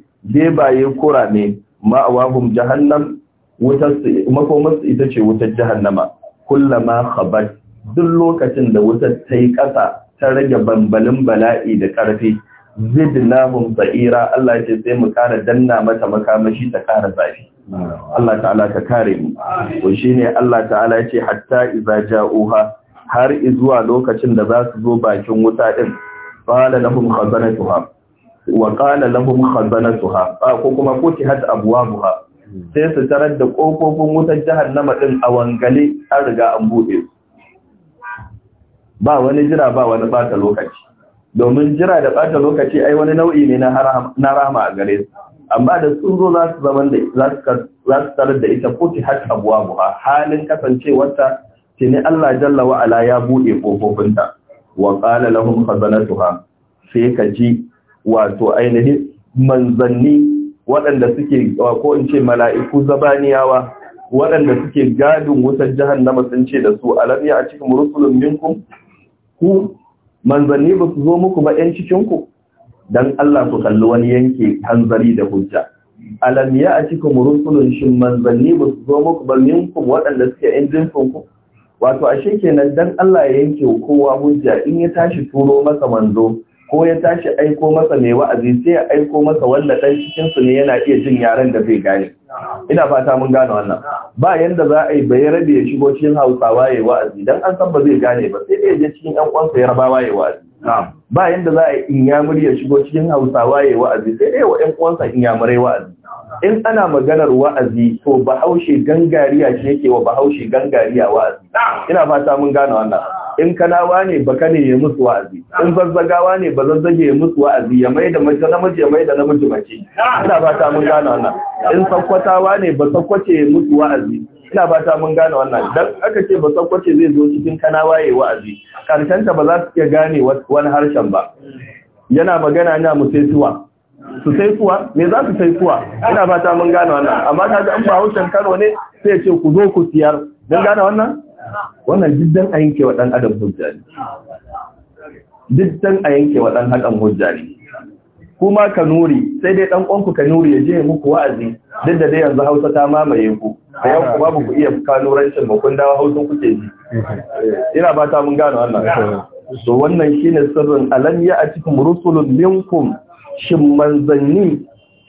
A: kura ne, ma'awahum jahannam wutar makomarsu ita ce wutar jahannama kullama khabat duk lokacin da wutar ta yi ƙasa ta rage bambalin bala'i da ƙarfi zidnahum sa'ira Allah ce sai mu ƙara danna mata makamashi ta ƙara zafi Allah ta'ala ka kare mu ko shine Allah ta'ala ya ce hatta iza ja'uha har izuwa lokacin da za su zo bakin wuta din qala lahum khazanatuha wa qala lahum khazanatuha ko kuma futihat abwabuha sai su tarar da ƙofofin wutar jihar na maɗin a wangale an riga an buɗe su ba wani jira ba wani ɓata lokaci domin jira da ɓata lokaci ai wani nau'i ne na rama a gare su amma da sun zo za su zama da za su tarar da ita kuti har abuwa buha halin kasancewarta tuni Allah jalla wa'ala ya buɗe ƙofofinta. wa qala lahum khazanatuha sai ka ji wato ainihin manzanni waɗanda suke ko in ce mala'iku zabaniyawa waɗanda suke gadin wutar jahannama sun ce da su alam ya cikin rusulun minkum ku manzanni ba su zo muku ba ‘yan cikinku don Allah ku kalli wani yanke hanzari da hujja. Alam ya a cikin rusulun shin manzanni ba su zo muku ba minkum waɗanda suke ‘yan ku Wato, ashe kenan don Allah ya yanke kowa hujja in ya tashi turo masa manzo ko ya tashi aiko masa mai wa'azi sai ya aiko masa wanda ɗan cikinsu ne yana iya jin yaren da zai gane ina fata mun gane wannan ba yanda za a yi bai rabe ya shigo cikin hausawa ya wa'azi dan an san ba zai gane ba sai dai ya je cikin yan uwansa ya rabawa ya wa'azi ba yanda za a yi in ya murya shigo cikin hausawa ya wa'azi sai dai wa yan uwansa in ya murai wa'azi in ana maganar wa'azi to bahaushe gangariya shi yake wa bahaushe gangariya wa'azi ina fata mun gane wannan in kanawa ne ba ne ya musu wa'azi in zazzagawa ne ba zazzage ya musu wa'azi ya mai da mace namiji ya mai da namiji mace
C: ina
A: ba ta mun gane wannan in sakkwatawa ne ba sakkwace ya musu wa'azi ina ba ta mun gane wannan dan aka ce ba sakkwace zai zo cikin kanawa yayi wa'azi karshen ta ba za su iya gane wani harshen ba yana magana ina musaituwa su sai kuwa me za su sai kuwa ina ta mun gane wannan amma ga in ba hausan karo ne sai ya ce ku zo ku siyar dan gane wannan wannan jiddan a yanke wa ɗan adam hujja a yanke wa ɗan adam kuma ka nuri sai dai ɗan ƙwanku ka nuri ya je muku wa'azi duk da dai yanzu hausa ta mamaye ku da yau kuma ba ku iya kanurancin rancen dawa dawa hausa kuke ji ina ba ta mun gano wannan so wannan shine sirrin alam ya a cikin rusulun minkum shin manzanni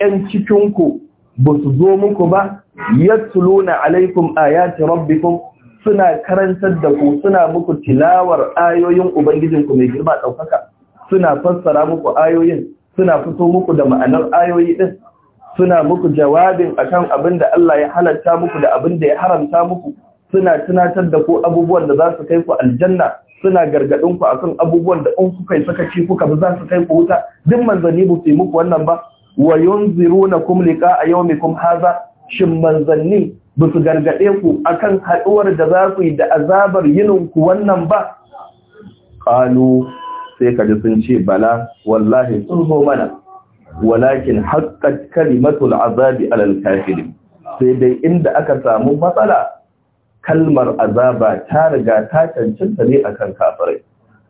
A: 'yan cikinku ba su zo muku ba yatluna alaikum ayati rabbikum suna karantar da ku suna muku tilawar ayoyin ubangijinku mai girma ɗaukaka suna fassara muku ayoyin suna fito muku da ma'anar ayoyi ɗin suna muku jawabin akan abin da Allah ya halatta muku da abin da ya haramta muku suna tunatar da ku abubuwan da za su kai ku aljanna suna gargadin ku akan abubuwan da in kuka yi ci kuka ba za su kai ku wuta duk manzanni ba su yi muku wannan ba wa yunziruna kum liqa a yawmikum hadha shin manzanni ba su gargaɗe ku akan haɗuwar da za ku yi da azabar yininku wannan ba ƙalu sai ka ji sun ce bala wallahi sun zo mana walakin haƙƙar kalimatul azabi alal kafirin sai dai inda aka samu matsala kalmar azaba ta riga ta cancanta ne akan kafirai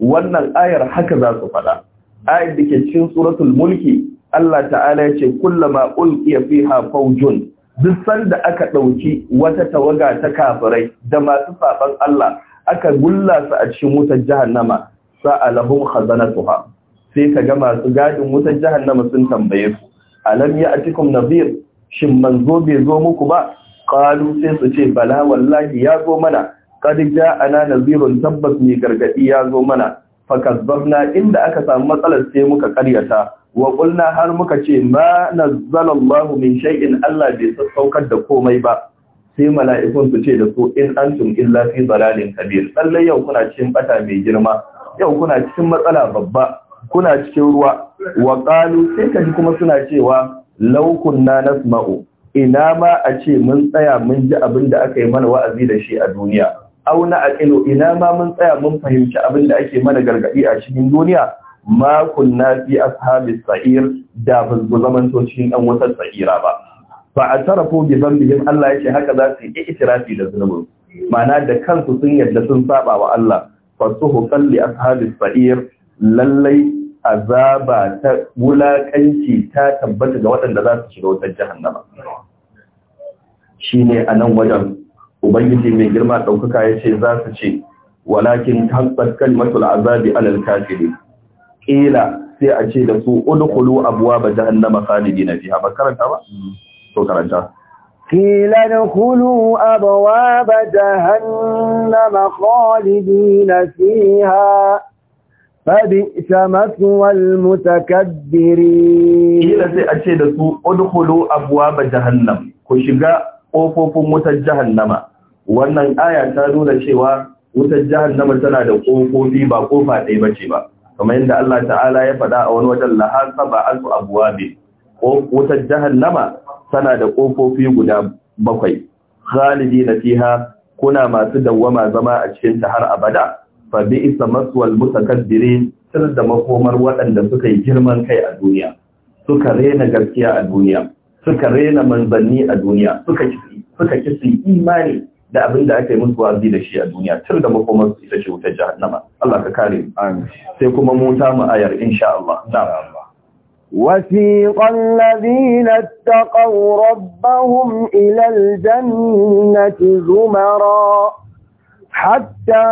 A: wannan ayar haka za su faɗa ayar da ke cin suratul mulki Allah ta'ala ya ce kullama fi fiha faujun duk sanda aka ɗauki wata tawaga ta kafirai da masu saɓan Allah aka gulla su a cikin wutar jahannama alahum khazanatuha sai ka ga masu gadin wutar jahannama sun tambaye su alam atikum nadhir shin manzo bai zo muku ba qalu sai su ce bala wallahi ya zo mana qad ja'ana nadhirun tabbas mai gargadi ya zo mana fakazzabna inda aka samu matsalar sai muka karyata wa har muka ce ma nazzala bahu min shay'in Allah bai sassaukar da komai ba sai mala'ikun su ce da su in antum illa fi dalalin kabir Tsallai yau kuna cikin bata mai girma yau kuna cikin matsala babba kuna cikin ruwa wa qalu sai kaji kuma suna cewa law kunna nasma'u ina ma a ce mun tsaya mun ji abin da aka yi mana wa'azi da shi a duniya auna aqilu ina ma mun tsaya mun fahimci abin da ake mana gargadi a cikin duniya ma na fi ashabis sa'ir da ba su zaman to cikin dan wata sa'ira ba fa atarafu bi dhanbihim Allah yace haka za su yi itirafi da zunubin Mana da kansu sun yadda sun saba wa Allah fasuhu qalli ashabis sa'ir lallai azaba ta wulakanci ta tabbata ga waɗanda za su shiga wutar jahannama shine anan wajen ubangiji mai girma ɗaukaka ya ce za su ce walakin tabbat kalmatul azabi alal kafirin kila sai a ce da su udkhulu abwaaba jahannama khalidina fiha ba karanta ba to karanta
B: kila udkhulu abwaaba jahannama khalidina fiha fabi'sa
A: mathwal mutakabbirin kila sai a ce da su udkhulu abwaaba jahannam ku shiga kofofin wutar jahannama wannan aya ta nuna cewa wutar jahannama tana da kofofi ba kofa ɗaya bace ba kamar yadda Allah ta'ala ya faɗa a wani wajen lahar ba alfu abuwa be wutar jahannama tana da ƙofofi guda bakwai Al-Halidi na fiha kuna masu dawwama zama a cikin ta har abada fa bi isa maswal mutakabbirin sir da makomar waɗanda suka yi girman kai a duniya suka rena gaskiya a duniya suka rena manzanni a duniya suka kisi suka kisi imani da abin da aka yi musu wazi da shi a duniya tun da makomar su ita ce wutar jahannama Allah ka kare sai kuma mu ta mu ayar insha Allah
B: وسيق الذين اتقوا ربهم إلى الجنة زمرا حتى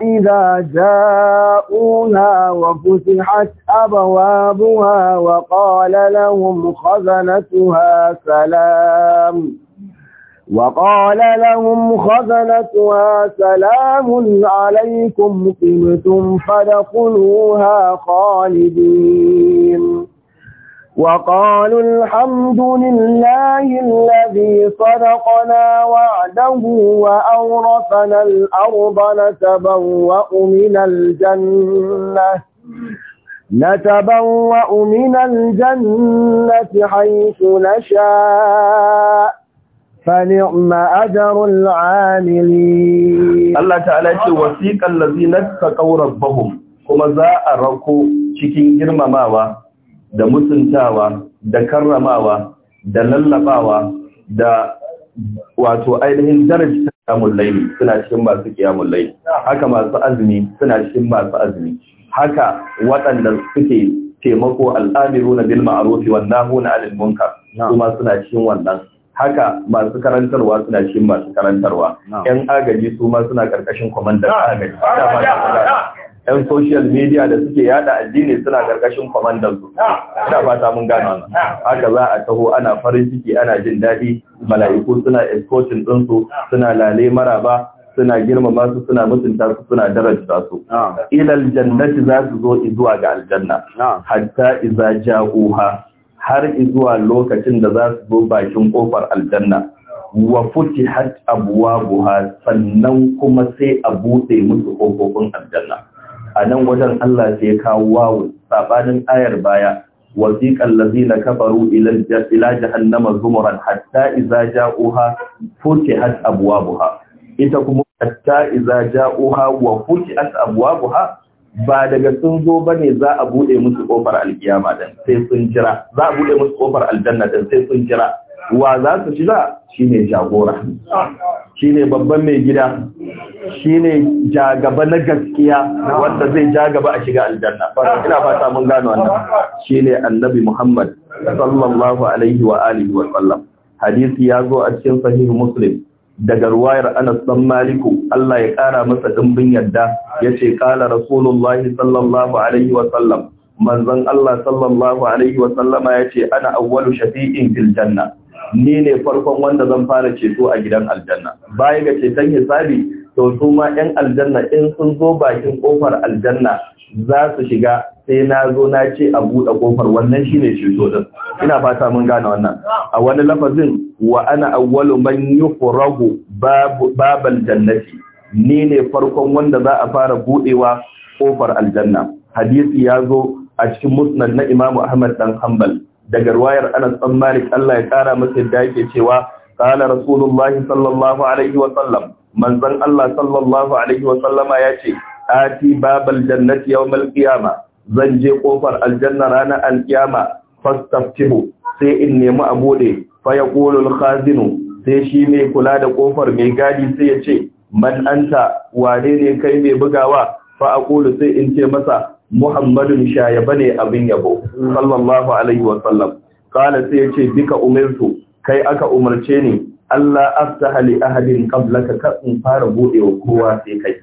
B: إذا جاءوها وفتحت أبوابها وقال لهم خزنتها سلام وقال لهم خزنتها سلام عليكم قمتم فدخلوها خالدين وقالوا الحمد لله الذي صدقنا وعده وأورثنا الأرض نتبوأ من الجنة نتبوأ من الجنة حيث نشاء فنعم أجر العاملين
A: الله تعالى وثيق الذين اتقوا ربهم kuma za a rako cikin girmamawa da mutuntawa da karramawa da lallabawa da wato ainihin darajta kiyamun laili suna cikin masu kiyamun laili haka masu azumi suna cikin masu azumi haka waɗanda suke taimako al'amiru na bil ma'arufi wannan huna alil munkar kuma suna cikin wannan haka masu karantarwa suna shi masu karantarwa yan agaji su ma suna karkashin kwamandan agaji yan social media da suke yada addini suna karkashin kwamandan su ina fata mun gano haka za a taho ana farin ciki ana jin daɗi mala'iku suna escorting ɗinsu suna lale maraba suna girmama su suna mutunta su suna daraja su ilal jannati za su zo zuwa ga aljanna hatta iza ja'uha har zuwa lokacin da za su zo bakin kofar aljanna wa futihat abwabuha sannan kuma sai a bude musu kofofin aljanna a nan wajen Allah sai kawo wawu sabanin ayar baya وثيق الذين كفروا إلى إلى جهنم زمرا حتى إذا جاءوها فتحت أبوابها إتكم حتى إذا جاءوها وفتحت أبوابها ba daga sun zo ba ne za a buɗe musu ƙofar alkiyama dan sai sun jira za a buɗe musu ƙofar aljanna dan sai sun jira wa za su shiga shi ne jagora shi ne babban mai gida shi ne jagaba na gaskiya wanda zai jagaba a shiga aljanna ina fata mun gano wannan shi ne annabi muhammad sallallahu alaihi wa alihi wa sallam hadisi ya zo a cikin sahih muslim daga ruwayar Anas dan Maliku Allah ya ƙara masa dimbin yadda yace ƙara rasulullahi sallallahu alaihi wa sallam manzon Allah sallallahu alaihi wa sallama yace ana awwalu shafi'in fil janna ni ne farkon wanda zan fara ceto a gidan aljanna baya ga ceton hisabi to su ma yan aljanna in sun zo bakin kofar aljanna za su shiga sai na zo na ce a buɗe ƙofar wannan shi ne ceto ɗin ina fata mun gane wannan a wani lafazin wa ana awwalu man yufragu babal jannati ni ne farkon wanda za a fara buɗewa ƙofar aljanna hadisi ya zo a cikin musnad na Imam Ahmad dan Hanbal daga riwayar Anas bin Malik Allah ya kara masa da yake cewa qala Rasulullah sallallahu alaihi wa sallam manzon Allah sallallahu alaihi wa sallama yace ati babal jannati yawmal qiyamah zan je kofar aljanna ranar alkiyama fastaftihu sai in nemi a bude fa khazinu sai shi mai kula da kofar mai gadi sai ya ce man anta wane ne kai mai bugawa fa a aqulu sai in ce masa muhammadun shayaba ne abin yabo sallallahu alaihi wa sallam qala sai ya ce bika umirtu kai aka umarce ni Allah aftaha li ahadin qablaka ka in fara bude wa kowa sai kai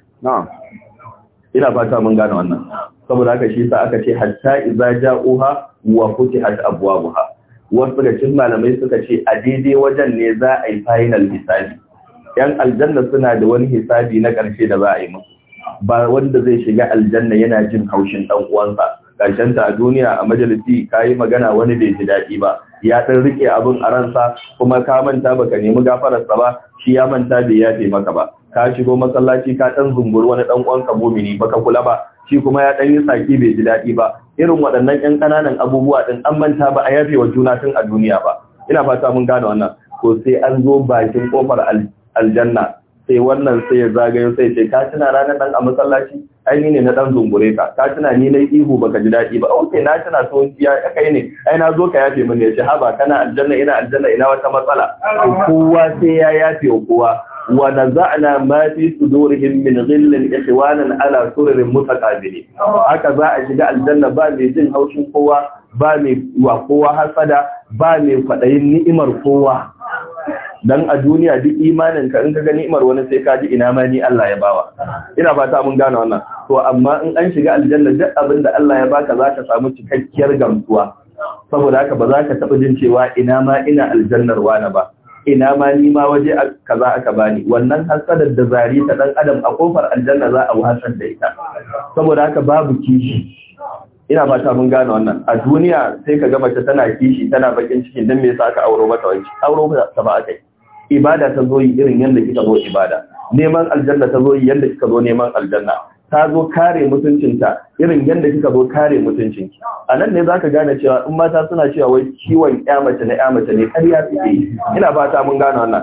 A: ina fata mun gane wannan saboda haka shi sa aka ce hatta idza ja'uha wa futihat abwabuha wasu da cikin malamai suka ce a daidai wajen ne za a yi final hisabi yan aljanna suna da wani hisabi na ƙarshe da za a yi musu ba wanda zai shiga aljanna yana jin haushin dan uwansa karshen ta duniya a majalisi kayi magana wani bai ji daɗi ba ya ɗan rike abin a ransa kuma ka manta baka nemi gafararsa ba shi ya manta bai yafe maka ba ka shigo masallaci ka ɗan zumbur wani ɗan uwanka mumini baka kula ba shi kuma ya ɗan yi bai ji daɗi ba irin waɗannan ƴan ƙananan abubuwa ɗin an manta ba a yafe wa juna tun a duniya ba ina fata mun gane wannan ko sai an zo bakin ƙofar aljanna sai wannan sai ya zagayo sai ce ka tuna ranar ɗan a masallaci ai ni ne na ɗan zungure ka ka tuna ni na ihu baka ji daɗi ba ok na tuna so ya yi ne ai na zo ka yafe mun ne ce haba kana aljanna ina aljanna ina wata matsala kowa sai ya yafe wa kowa wa naza'na ma fi sudurihim min ghillin ikhwanan ala sururin mutaqabili haka za a shiga aljanna ba mai jin haushin kowa ba mai wa kowa hasada ba mai kwadayin ni'imar kowa dan a duniya duk imanin ka in ka ga ni'imar wani sai ka ji ina ma ni Allah ya bawa ina fata mun gane wannan to amma in an shiga aljanna duk abin da Allah ya baka zaka samu cikakkiyar gamsuwa saboda haka ba za ka taɓa jin cewa ina ma ina aljannar wani ba ina ma ni ma waje kaza aka bani wannan hasadar da zari ta dan adam a kofar aljanna za a wasar da ita saboda haka babu kishi ina ta mun gane wannan a duniya sai ka ga mace tana kishi tana bakin ciki dan me yasa aka auro mata wanki auro ta ba akai ibada ta zo yi irin yanda kika zo ibada neman aljanna ta zo yi yanda kika zo neman aljanna ta zo kare mutuncinta irin yadda kika zo kare mutuncinki a nan ne za ka gane cewa in mata suna cewa wai kiwon ya mace na ya mace ne ƙarya suke yi ina
C: ba ta mun gano wannan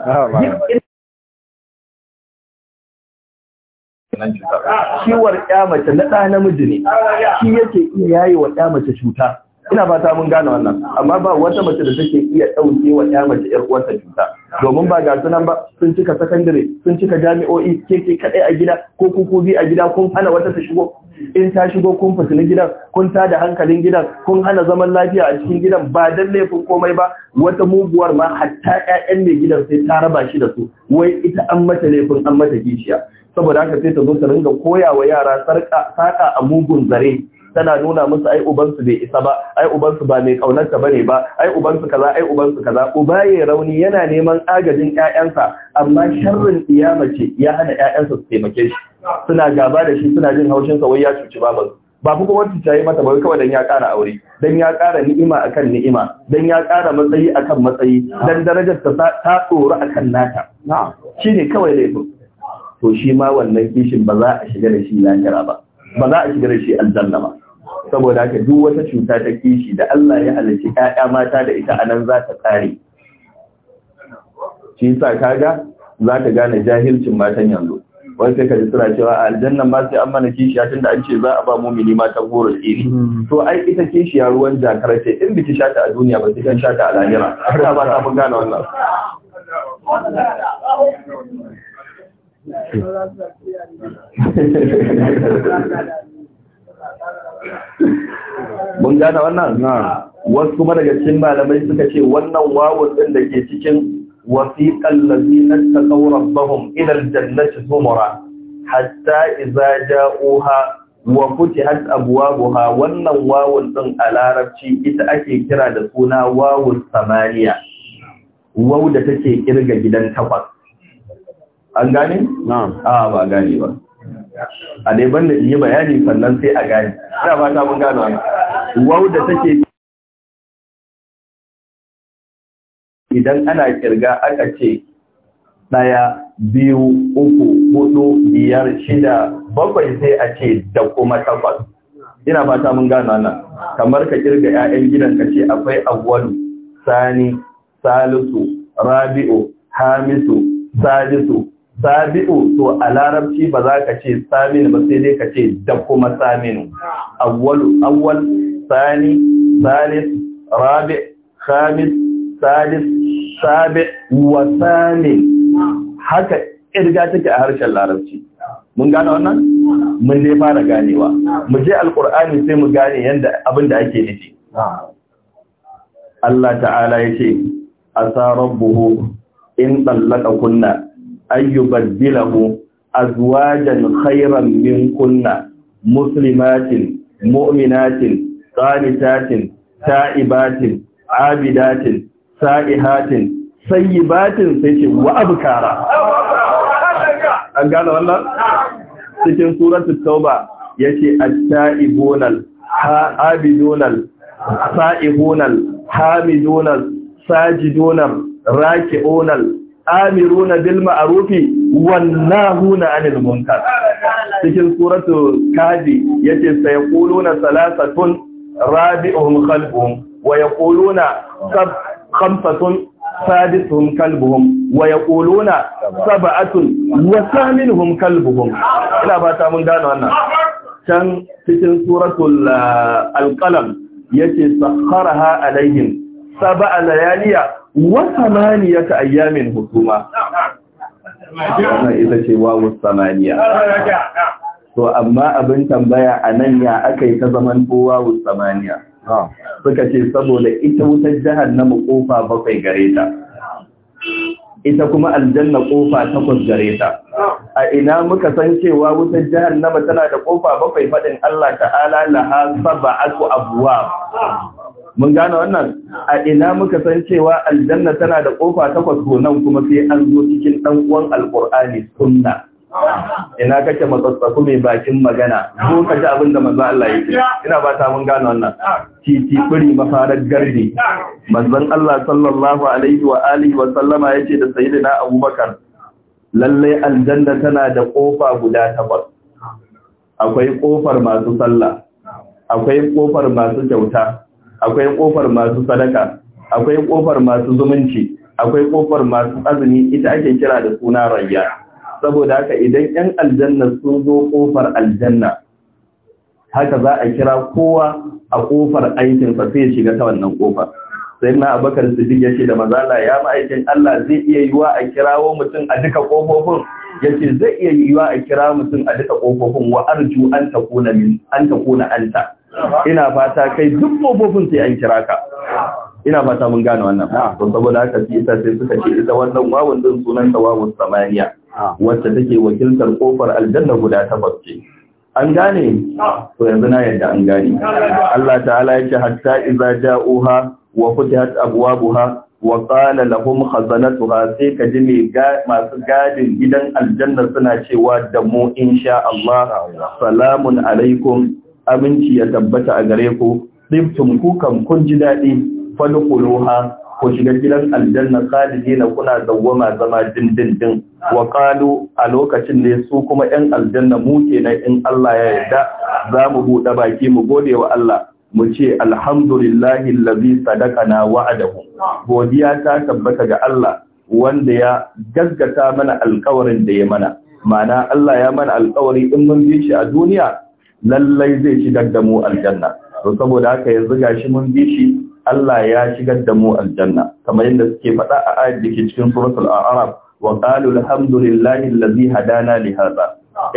C: kiwon ya na ɗa namiji ne, shi yake iya yi
A: wa ya mace cuta. ina ba ta mun gane wannan amma ba wata mace da take iya ɗauke wa ya mace yar'uwarta uwarta cuta domin ba ga sunan ba sun cika sakandare sun cika jami'o'i ke ke kaɗai a gida ko ku bi a gida kun hana wata ta shigo in ta shigo kun fitini gidan kun ta da hankalin gidan kun hana zaman lafiya a cikin gidan ba dan laifin komai ba wata muguwar ma hatta ƴaƴan mai gidan sai ta raba shi da su wai ita an mata laifin an mata gishiya saboda haka sai ta zo ta ringa koyawa yara sarka saka a mugun zare tana nuna musu ai ubansu bai isa ba ai ubansu ba mai kaunarta bane ba ai ubansu kaza ai ubansu kaza uba ya rauni yana neman agajin ƴaƴansa amma sharrin iyama ce ya hana ƴaƴansa su taimake shi suna gaba da shi suna jin haushin sa wai ya cuci baban ba kuma wacce ta yi mata ba kawai dan ya kara aure dan ya kara ni'ima akan ni'ima dan ya ƙara matsayi akan matsayi dan darajar ta ta tsoro akan nata shine kawai laifin to shi ma wannan kishin ba za a shiga da shi lafiya ba ba za a shiga da shi aljanna ba saboda haka duk wata cuta ta kishi da Allah ya halarci ƴaƴa mata da ita anan za ta tsare shi sa kaga za ka gane jahilcin matan yanzu wani sai ka ji suna cewa a aljannan ma sai an mana kishiya tunda an ce za a ba mu mini matan goro iri hmm. to ai ita kishiya ruwan jakar ce in biki shata a duniya ba sai kan shata a lahira haka ba ta mun gane wannan mun gane wannan wasu kuma daga cikin malamai suka ce wannan wawun ɗin da ke cikin wasiqal na taqaw rabbahum ila aljannati zumara hatta idza ja'uha wa abuwa abwabuha wannan wawun ɗin a larabci ita ake kira da suna wawun samaniya Wau da take kirga gidan takwas an gane? Na. a ba
C: gane ba a dai ban da yi bayani sannan sai a gane ina ba ta mun gano wau da take idan ana kirga aka ce ɗaya biyu uku hudu
A: biyar shida bakwai sai a ce da kuma takwas ina ba ta mun gano nan kamar ka kirga 'ya'yan gidan ka ce akwai awwalu sani salisu rabi'u hamisu Salisu. sabi'u to a larabci ba za ka ce saminu ba sai dai ka ce da kuma saminu awwalu awwal sani salis rabi khamis salis sabi wa sami haka irga take a harshen larabci mun gane wannan mun dai fara ganewa mu je alqur'ani sai mu gane yanda abin da ake nufi Allah ta'ala yace asa rabbuhu in dallaka kunna ayyubaddilahu azwajan khayran min kunna muslimatin mu'minatin qanitatin ta'ibatin abidatin sa'ihatin sayyibatin sai ce wa abkara an gane wannan cikin suratul tauba yace at-ta'ibunal abidunal sa'ihunal hamidunal sajidunal raki'unal amiruna bil ma'rufi wannahuna 'anil munkar cikin suratu kaji yace sayquluna salasatun rabi'uhum qalbuhum wa yaquluna khamsatun sadisuhum Waya wa na sab'atun wa thaminuhum kalbuhum ina ba ta mun gano wannan can cikin suratul ah, alqalam yace sakharaha alaihin. sab'a layaliya wa samaniyata ayyamin hukuma wannan ita ce wawu samaniya to amma abin tambaya a nan ya aka yi ta zaman wawu samaniya suka ce saboda ita wutar jahannama kofa bakwai gare ta ita kuma aljanna kofa takwas gare ta a ina muka san cewa wutar jihar jahannama tana da kofa bakwai faɗin Allah ta'ala laha sab'atu abwab mun gane wannan a ina muka san cewa aljanna tana da kofa takwas ko nan kuma sai an zo cikin dan uwan alqur'ani sunna ina kake matsatsaku mai bakin magana ko ka ji abin da manzo Allah yake ina ba ta mun gane wannan titi buri mafarar gardi manzon Allah sallallahu alaihi wa alihi wa sallama yace da sayyidina Abubakar lalle aljanna tana da kofa guda takwas akwai kofar masu sallah akwai kofar masu kyauta akwai kofar masu sadaka akwai kofar masu zumunci akwai kofar masu azumi ita ake kira da suna rayya saboda haka idan yan aljanna sun zo kofar aljanna haka za a kira kowa a kofar aikin sa sai shiga ta wannan kofar sai na abakar siddiq yace da mazala ya ma'aikin Allah zai iya yiwa a kirawo mutum a duka kofofin yace zai iya yiwa a kira mutum a duka kofofin wa arju an takuna min an takuna anta ina fata kai duk bobofin sai an kira ka ina fata mun gane wannan ba saboda haka shi ita sai suka ce ita wannan wawun din sunan ta wawun samaniya wacce take wakiltar kofar aljanna guda ta bakke an gane to yanzu na yadda an gane Allah ta'ala ya ce hatta iza ja'uha wa futihat abwabuha wa qala lahum khazanatuha sai ka ji masu gadin gidan aljanna suna cewa da mu insha Allah salamun alaikum aminci ya tabbata a gare ku dibtum kukan kun ji daɗi fadkhuluha ku shiga gidan aljanna khalidina kuna dawwama zama dindindin wa qalu a lokacin ne su kuma yan aljanna mu na in Allah ya yarda za mu buɗe baki mu gode wa Allah mu ce alhamdulillahi allazi sadaqana wa'adahu godiya ta tabbata ga Allah wanda ya gaggata mana alƙawarin da ya mana mana Allah ya mana alƙawari in mun bi shi a duniya lallai zai shigar da mu aljanna to saboda haka yanzu gashi mun bi shi Allah ya shigar da mu aljanna kamar yadda suke faɗa a ayat da ke cikin suratul a'raf wa qalu alhamdulillahi allazi hadana li hadha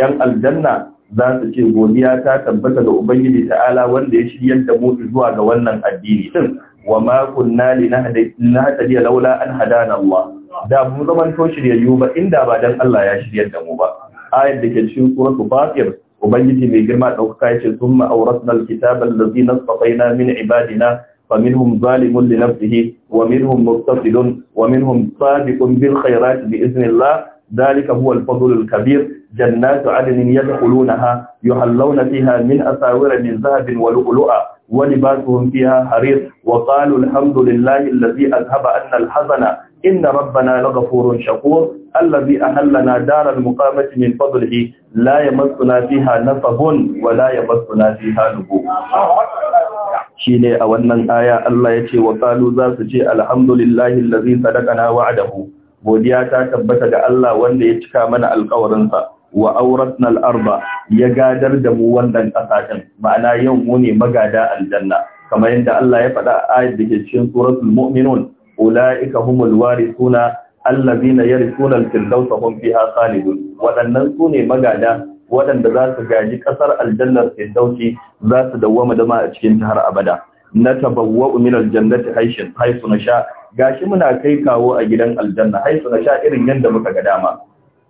A: yan aljanna za su ce godiya ta tabbata ga ubangiji ta'ala wanda ya shiryar da mu zuwa ga wannan addini din wa ma kunna linahtadiya laula an hadana Allah da mu zaman to shiryayyu ba inda ba dan Allah ya shiryar da mu ba ayat da ke cikin suratul fatir ubangiji mai girma dauka yace thumma awrasnal kitaba allazi nasqayna min ibadina wa minhum zalimun li nafsihi wa minhum muqtasidun wa minhum sabiqun bil khairat bi idhnillah dhalika huwa al fadl al kabir jannatu adnin yadkhulunaha yuhalluna fiha min asawira min dhahabin wa lu'lu'a wa libasuhum fiha harir wa qalu alhamdulillahi allazi adhaba anna al hazana إن ربنا لغفور شكور الذي أهلنا دار المقامة من فضله لا يمسنا فيها نصب ولا يمسنا فيها لبوب shine a wannan aya Allah ya ce wa qalu za su ce alhamdulillahi allazi sadaqana wa'adahu godiya ta tabbata ga Allah wanda ya cika mana alƙawarinsa wa auratna al-arba ya gadar da mu wannan kasashen ma'ana yau mu ne magada aljanna kamar yadda Allah ya faɗa a ayat da ke cikin suratul mu'minun ula'ika humul warithuna allazina yarithuna al-firdausa hum fiha Waɗannan wadannan sune magada waɗanda za su gaji ƙasar aljannar firdausi za su dawwama dama a cikin ta har abada natabawwa'u min aljannati jannati hayshin nasha gashi muna kai kawo a gidan aljanna na nasha irin yanda muka ga dama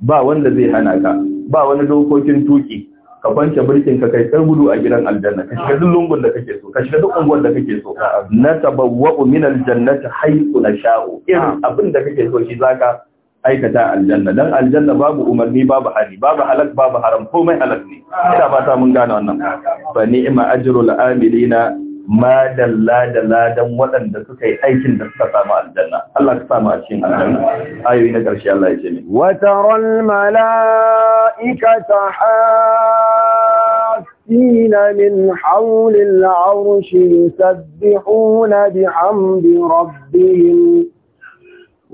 A: ba wanda zai hana ka ba wani dokokin tuki ka kwance birkin ka kai tsar gudu a gidan aljanna ka shiga duk lungun da kake so ka shiga duk unguwar da kake so na tabawwa'u min aljannati haythu nasha'u irin abin da kake so shi zaka aikata aljanna dan aljanna babu umarni babu hari babu halak babu haram komai halak ne ina fata mun gane wannan fa ni'ma ajrul amilina ma da ladan waɗanda suka yi aikin da suka samu aljanna Allah ka samu a cikin aljanna ayoyi na ƙarshe Allah ya ce ne wa taral mala'ikata
B: hasina min hawlil arshi yusabbihuna bihamdi rabbihim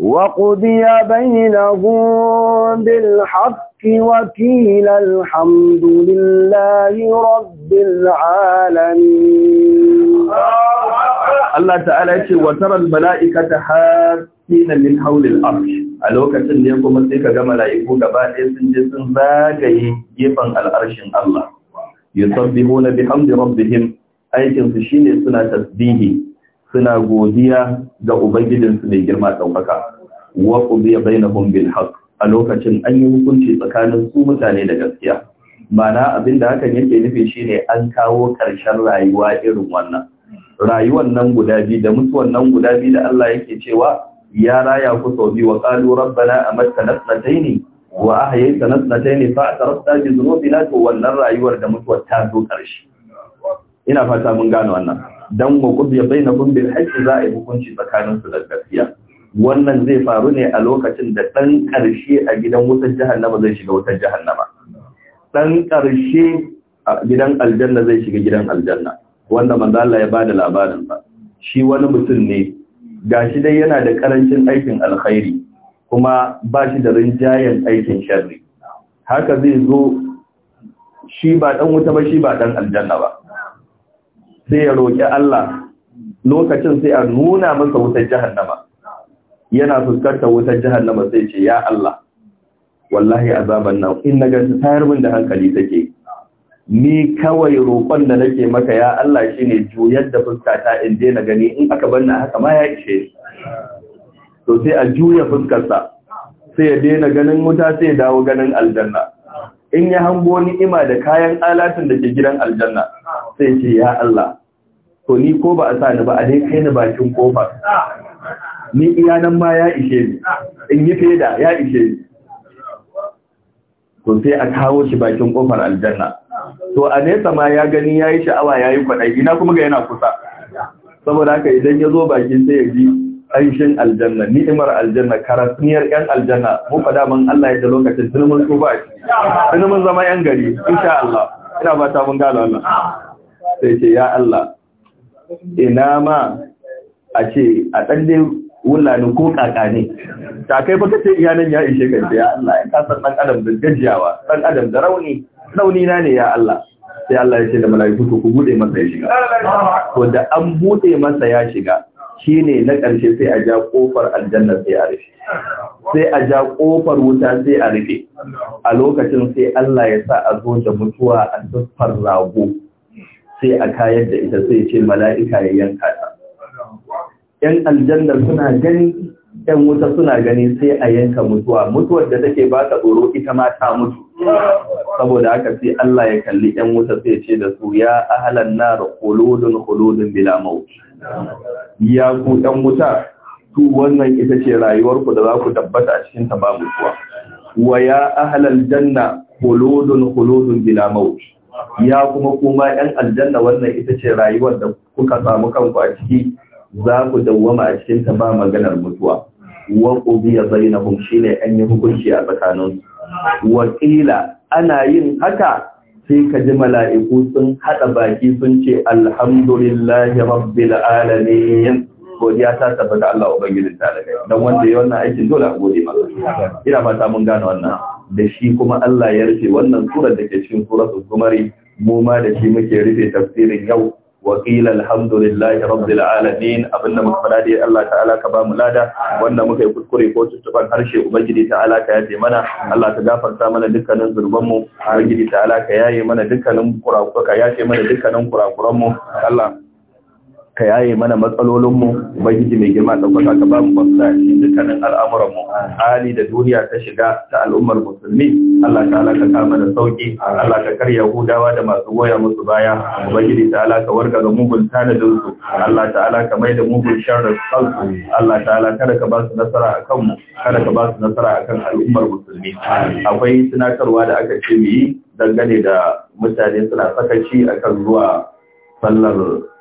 B: وقضي بينهم بالحق وكيل الحمد لله رب العالمين
A: الله تعالى يقول وترى الملائكة حاسين من حول الأرش a lokacin da ya kuma sai kaga mala'iku gaba ɗaya sun je sun zagaye gefen al'ashin Allah yusabbihuna bihamdi rabbihim aikin su shine suna tasbihi suna godiya ga ubangijinsu mai girma ɗaukaka wa bai na bil haqq a lokacin an yi hukunci tsakanin su mutane da gaskiya mana da hakan yake nufi shine an kawo karshen rayuwa irin wannan rayuwan nan guda biyu da mutuwan nan guda biyu da Allah yake cewa ya raya ku sau biyu wa qalu rabbana amattana sanataini wa ahyaytana ne fa atarafna bi dhunubina to wannan rayuwar da mutuwar ta zo karshe ina fata mun gane wannan dan mu kubiya na bil haqqi za a yi hukunci tsakanin su da gaskiya wannan zai faru ne a lokacin da ɗan ƙarshe a gidan wutar jahannama zai shiga wutar jahannama ɗan ƙarshe a gidan aljanna zai shiga gidan aljanna wanda manzala ya bada labarin ba shi wani mutum ne Ga shi dai yana da ƙarancin aikin alkhairi kuma ba shi da rinjayen aikin sharri haka zai zo shi ba ɗan wuta ba shi ba ɗan aljanna ba sai ya roƙi Allah lokacin sai a nuna masa wutar jahannama yana fuskantar wutar jahannama sai ce ya Allah wallahi azaban nan in na ganta tayar min da hankali take ni kawai roƙon da nake maka ya Allah shine juyar da fuskata in je na gani in aka banna haka ma ya ishe to sai a juya fuskarsa sai ya daina ganin wuta sai ya dawo ganin aljanna in ya hango ima da kayan alatin da ke gidan aljanna sai ce ya Allah to ni ko ba a sani ba a dai kai ni bakin kofar ni iya nan ma ya ishe ni in yi feda ya ishe ni to sai a kawo shi bakin kofar aljanna to a nesa ma ya gani ya yi sha'awa ya yi kwaɗayi, ina kuma ga yana kusa saboda haka idan ya zo bakin sai ya ji aishin aljanna ni'imar aljanna karasniyar yan aljanna mu faɗa man Allah ya da lokacin mun so ba shi mun zama yan gari insha Allah ina ba mun gano Allah sai ce ya Allah ina ma a ce a ɗan dai wulani ko kaka ne ta kai baka ce iyanan ya ishe ka ya Allah ya kasar dan adam da gajiyawa dan adam da rauni rauni na ne ya Allah sai Allah ya ce da mala'iku ku bude masa ya shiga to da an bude masa ya shiga shine na karshe sai a ja kofar aljanna sai a rufe sai a ja kofar wuta sai a rufe a lokacin sai Allah ya sa a zo da mutuwa a siffar rago sai a kayar da ita sai ce mala'ika ya yanka ta yan aljanna suna gani yan wuta suna gani sai a yanka mutuwa mutuwar da take ba ta tsoro ita ma ta mutu saboda haka sai Allah ya kalli yan wuta sai ce da su ya ahlan nar khuludun khuludun bila maut ya ku yan wuta su wannan ita ce rayuwar ku da za ku tabbata a cikin ta ba mutuwa wa ya ahlal janna khuludun khuludun bila maut ya kuma kuma yan aljanna wannan ita ce rayuwar da kuka samu kanku a ciki za ku dawwama a cikin ta ba maganar mutuwa wa qudiya bainahum shine an yi hukunci a tsakanin wa qila ana yin haka sai ka ji mala'iku sun hada baki sun ce alhamdulillahi rabbil alamin godiya ta tabbata Allah ubangiji ta daga dan wanda ya wannan aikin dole a gode
C: masa
A: ina fata mun gane wannan da shi kuma Allah ya rufe wannan surar da ke cikin suratul zumari mu ma da shi muke rufe tafsirin yau alhamdu وقيل الحمد لله رب العالمين ابن من فرادي الله تعالى كبا ملادا وان مكاي كوسكوري كو تتبان هرشي ubangiji ta'ala ka yaye mana Allah ta gafarta mana dukkanin zurban mu ubangiji ta'ala ka yaye mana dukkanin kurakuka ka mana dukkanin kurakuran ka yaye mana matsalolinmu ubangiji mai girma ɗaukaka ka ba mu mafita cikin dukkanin al'amuranmu hali da duniya ta shiga ta al'ummar musulmi Allah ta'ala ka kama sauki Allah ka karya hudawa da masu goya musu baya ubangiji ta'ala ka warka ga mugun tanadin su Allah ta alaka mai da mugun sharrin kansu Allah ta'ala kada ka ba su nasara a kanmu kada ka ba su nasara a kan al'ummar musulmi akwai tunatarwa da aka ce mu yi dangane da mutane suna sakaci akan zuwa sallar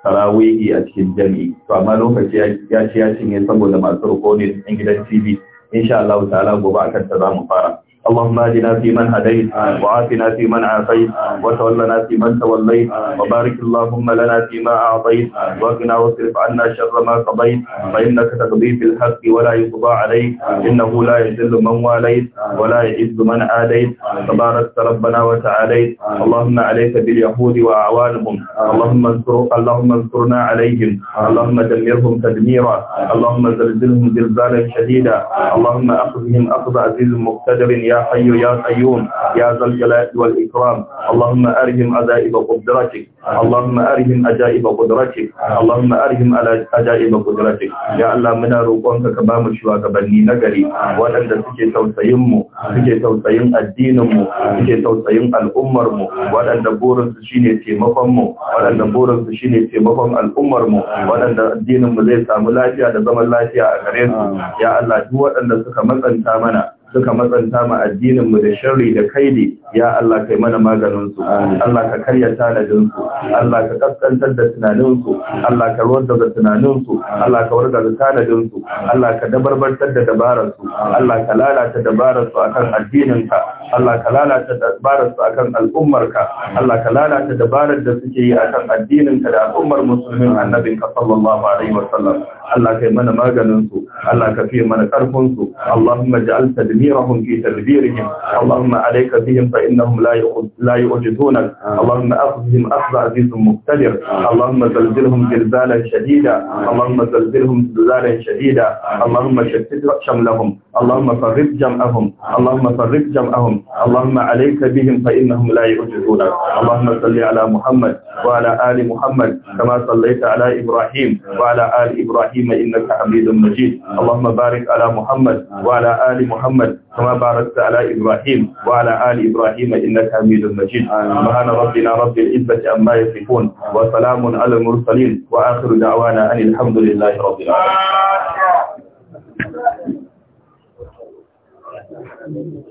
A: tarawihi a cikin jami'i to amma lokaci ya ci ya cinye saboda masu rukunin yan gidan tv insha Allah ta'ala gobe akan ta za mu fara اللهم اهدنا فيمن هديت وعافنا فيمن عافيت وتولنا فيمن توليت وبارك اللهم لنا فيما اعطيت واقنا واصرف عنا شر ما قضيت فانك تقضي في الحق ولا يقضى عليك انه لا يذل من واليت ولا يعز من عاديت تبارك ربنا وتعاليت اللهم عليك باليهود واعوانهم اللهم انصر اللهم انصرنا عليهم اللهم دمرهم تدميرا اللهم زلزلهم زلزالا شديدا اللهم اخذهم اخذ عزيز مقتدر يا حي يا قيوم يا ذا الجلال والإكرام اللهم أرهم عجائب قدرتك اللهم أرهم عجائب قدرتك اللهم أرهم قدرتك يا الله منا roƙonka ka bamu mu shugabanni na gari waɗanda suke tausayin mu suke tausayin addinin mu suke tausayin al'ummar mu waɗanda burin shine taimakon mu waɗanda burin shine taimakon al'ummar waɗanda addinin mu zai samu lafiya da zaman lafiya a gare su ya Allah duk waɗanda suka matsanta mana suka matsanta ma addinin mu da sharri da kaidi ya Allah kai mana maganin su Allah ka karya tanadin su Allah ka kaskantar da tunanin su Allah ka warda da tunanin su Allah ka wargaza da tanadin su Allah ka dabarbartar da dabarar su Allah ka lalata dabarar su akan addinin ka Allah ka lalata dabarar su akan al'ummar ka Allah ka lalata dabarar da suke yi akan addinin ka da al'ummar musulmin annabin ka sallallahu alaihi wa Allah kai mana maganin su Allah ka fiye mana karfin su Allahumma ja'al تدبيرهم في تدبيرهم اللهم عليك بهم فإنهم لا لا يعجزونك اللهم أخذهم أخذ عزيز مقتدر اللهم زلزلهم زلزالا شديدا اللهم زلزلهم زلزالا شديدا اللهم شتت شملهم اللهم فرق جمعهم اللهم فرق جمعهم اللهم عليك بهم فإنهم لا يعجزونك اللهم صل على محمد وعلى آل محمد كما صليت على إبراهيم وعلى آل إبراهيم إنك حميد مجيد اللهم بارك على محمد وعلى آل محمد محمد كما باركت على إبراهيم وعلى آل إبراهيم إنك حميد مجيد سبحان ربنا رب العزة عما يصفون وسلام على المرسلين
C: وآخر دعوانا أن الحمد لله رب العالمين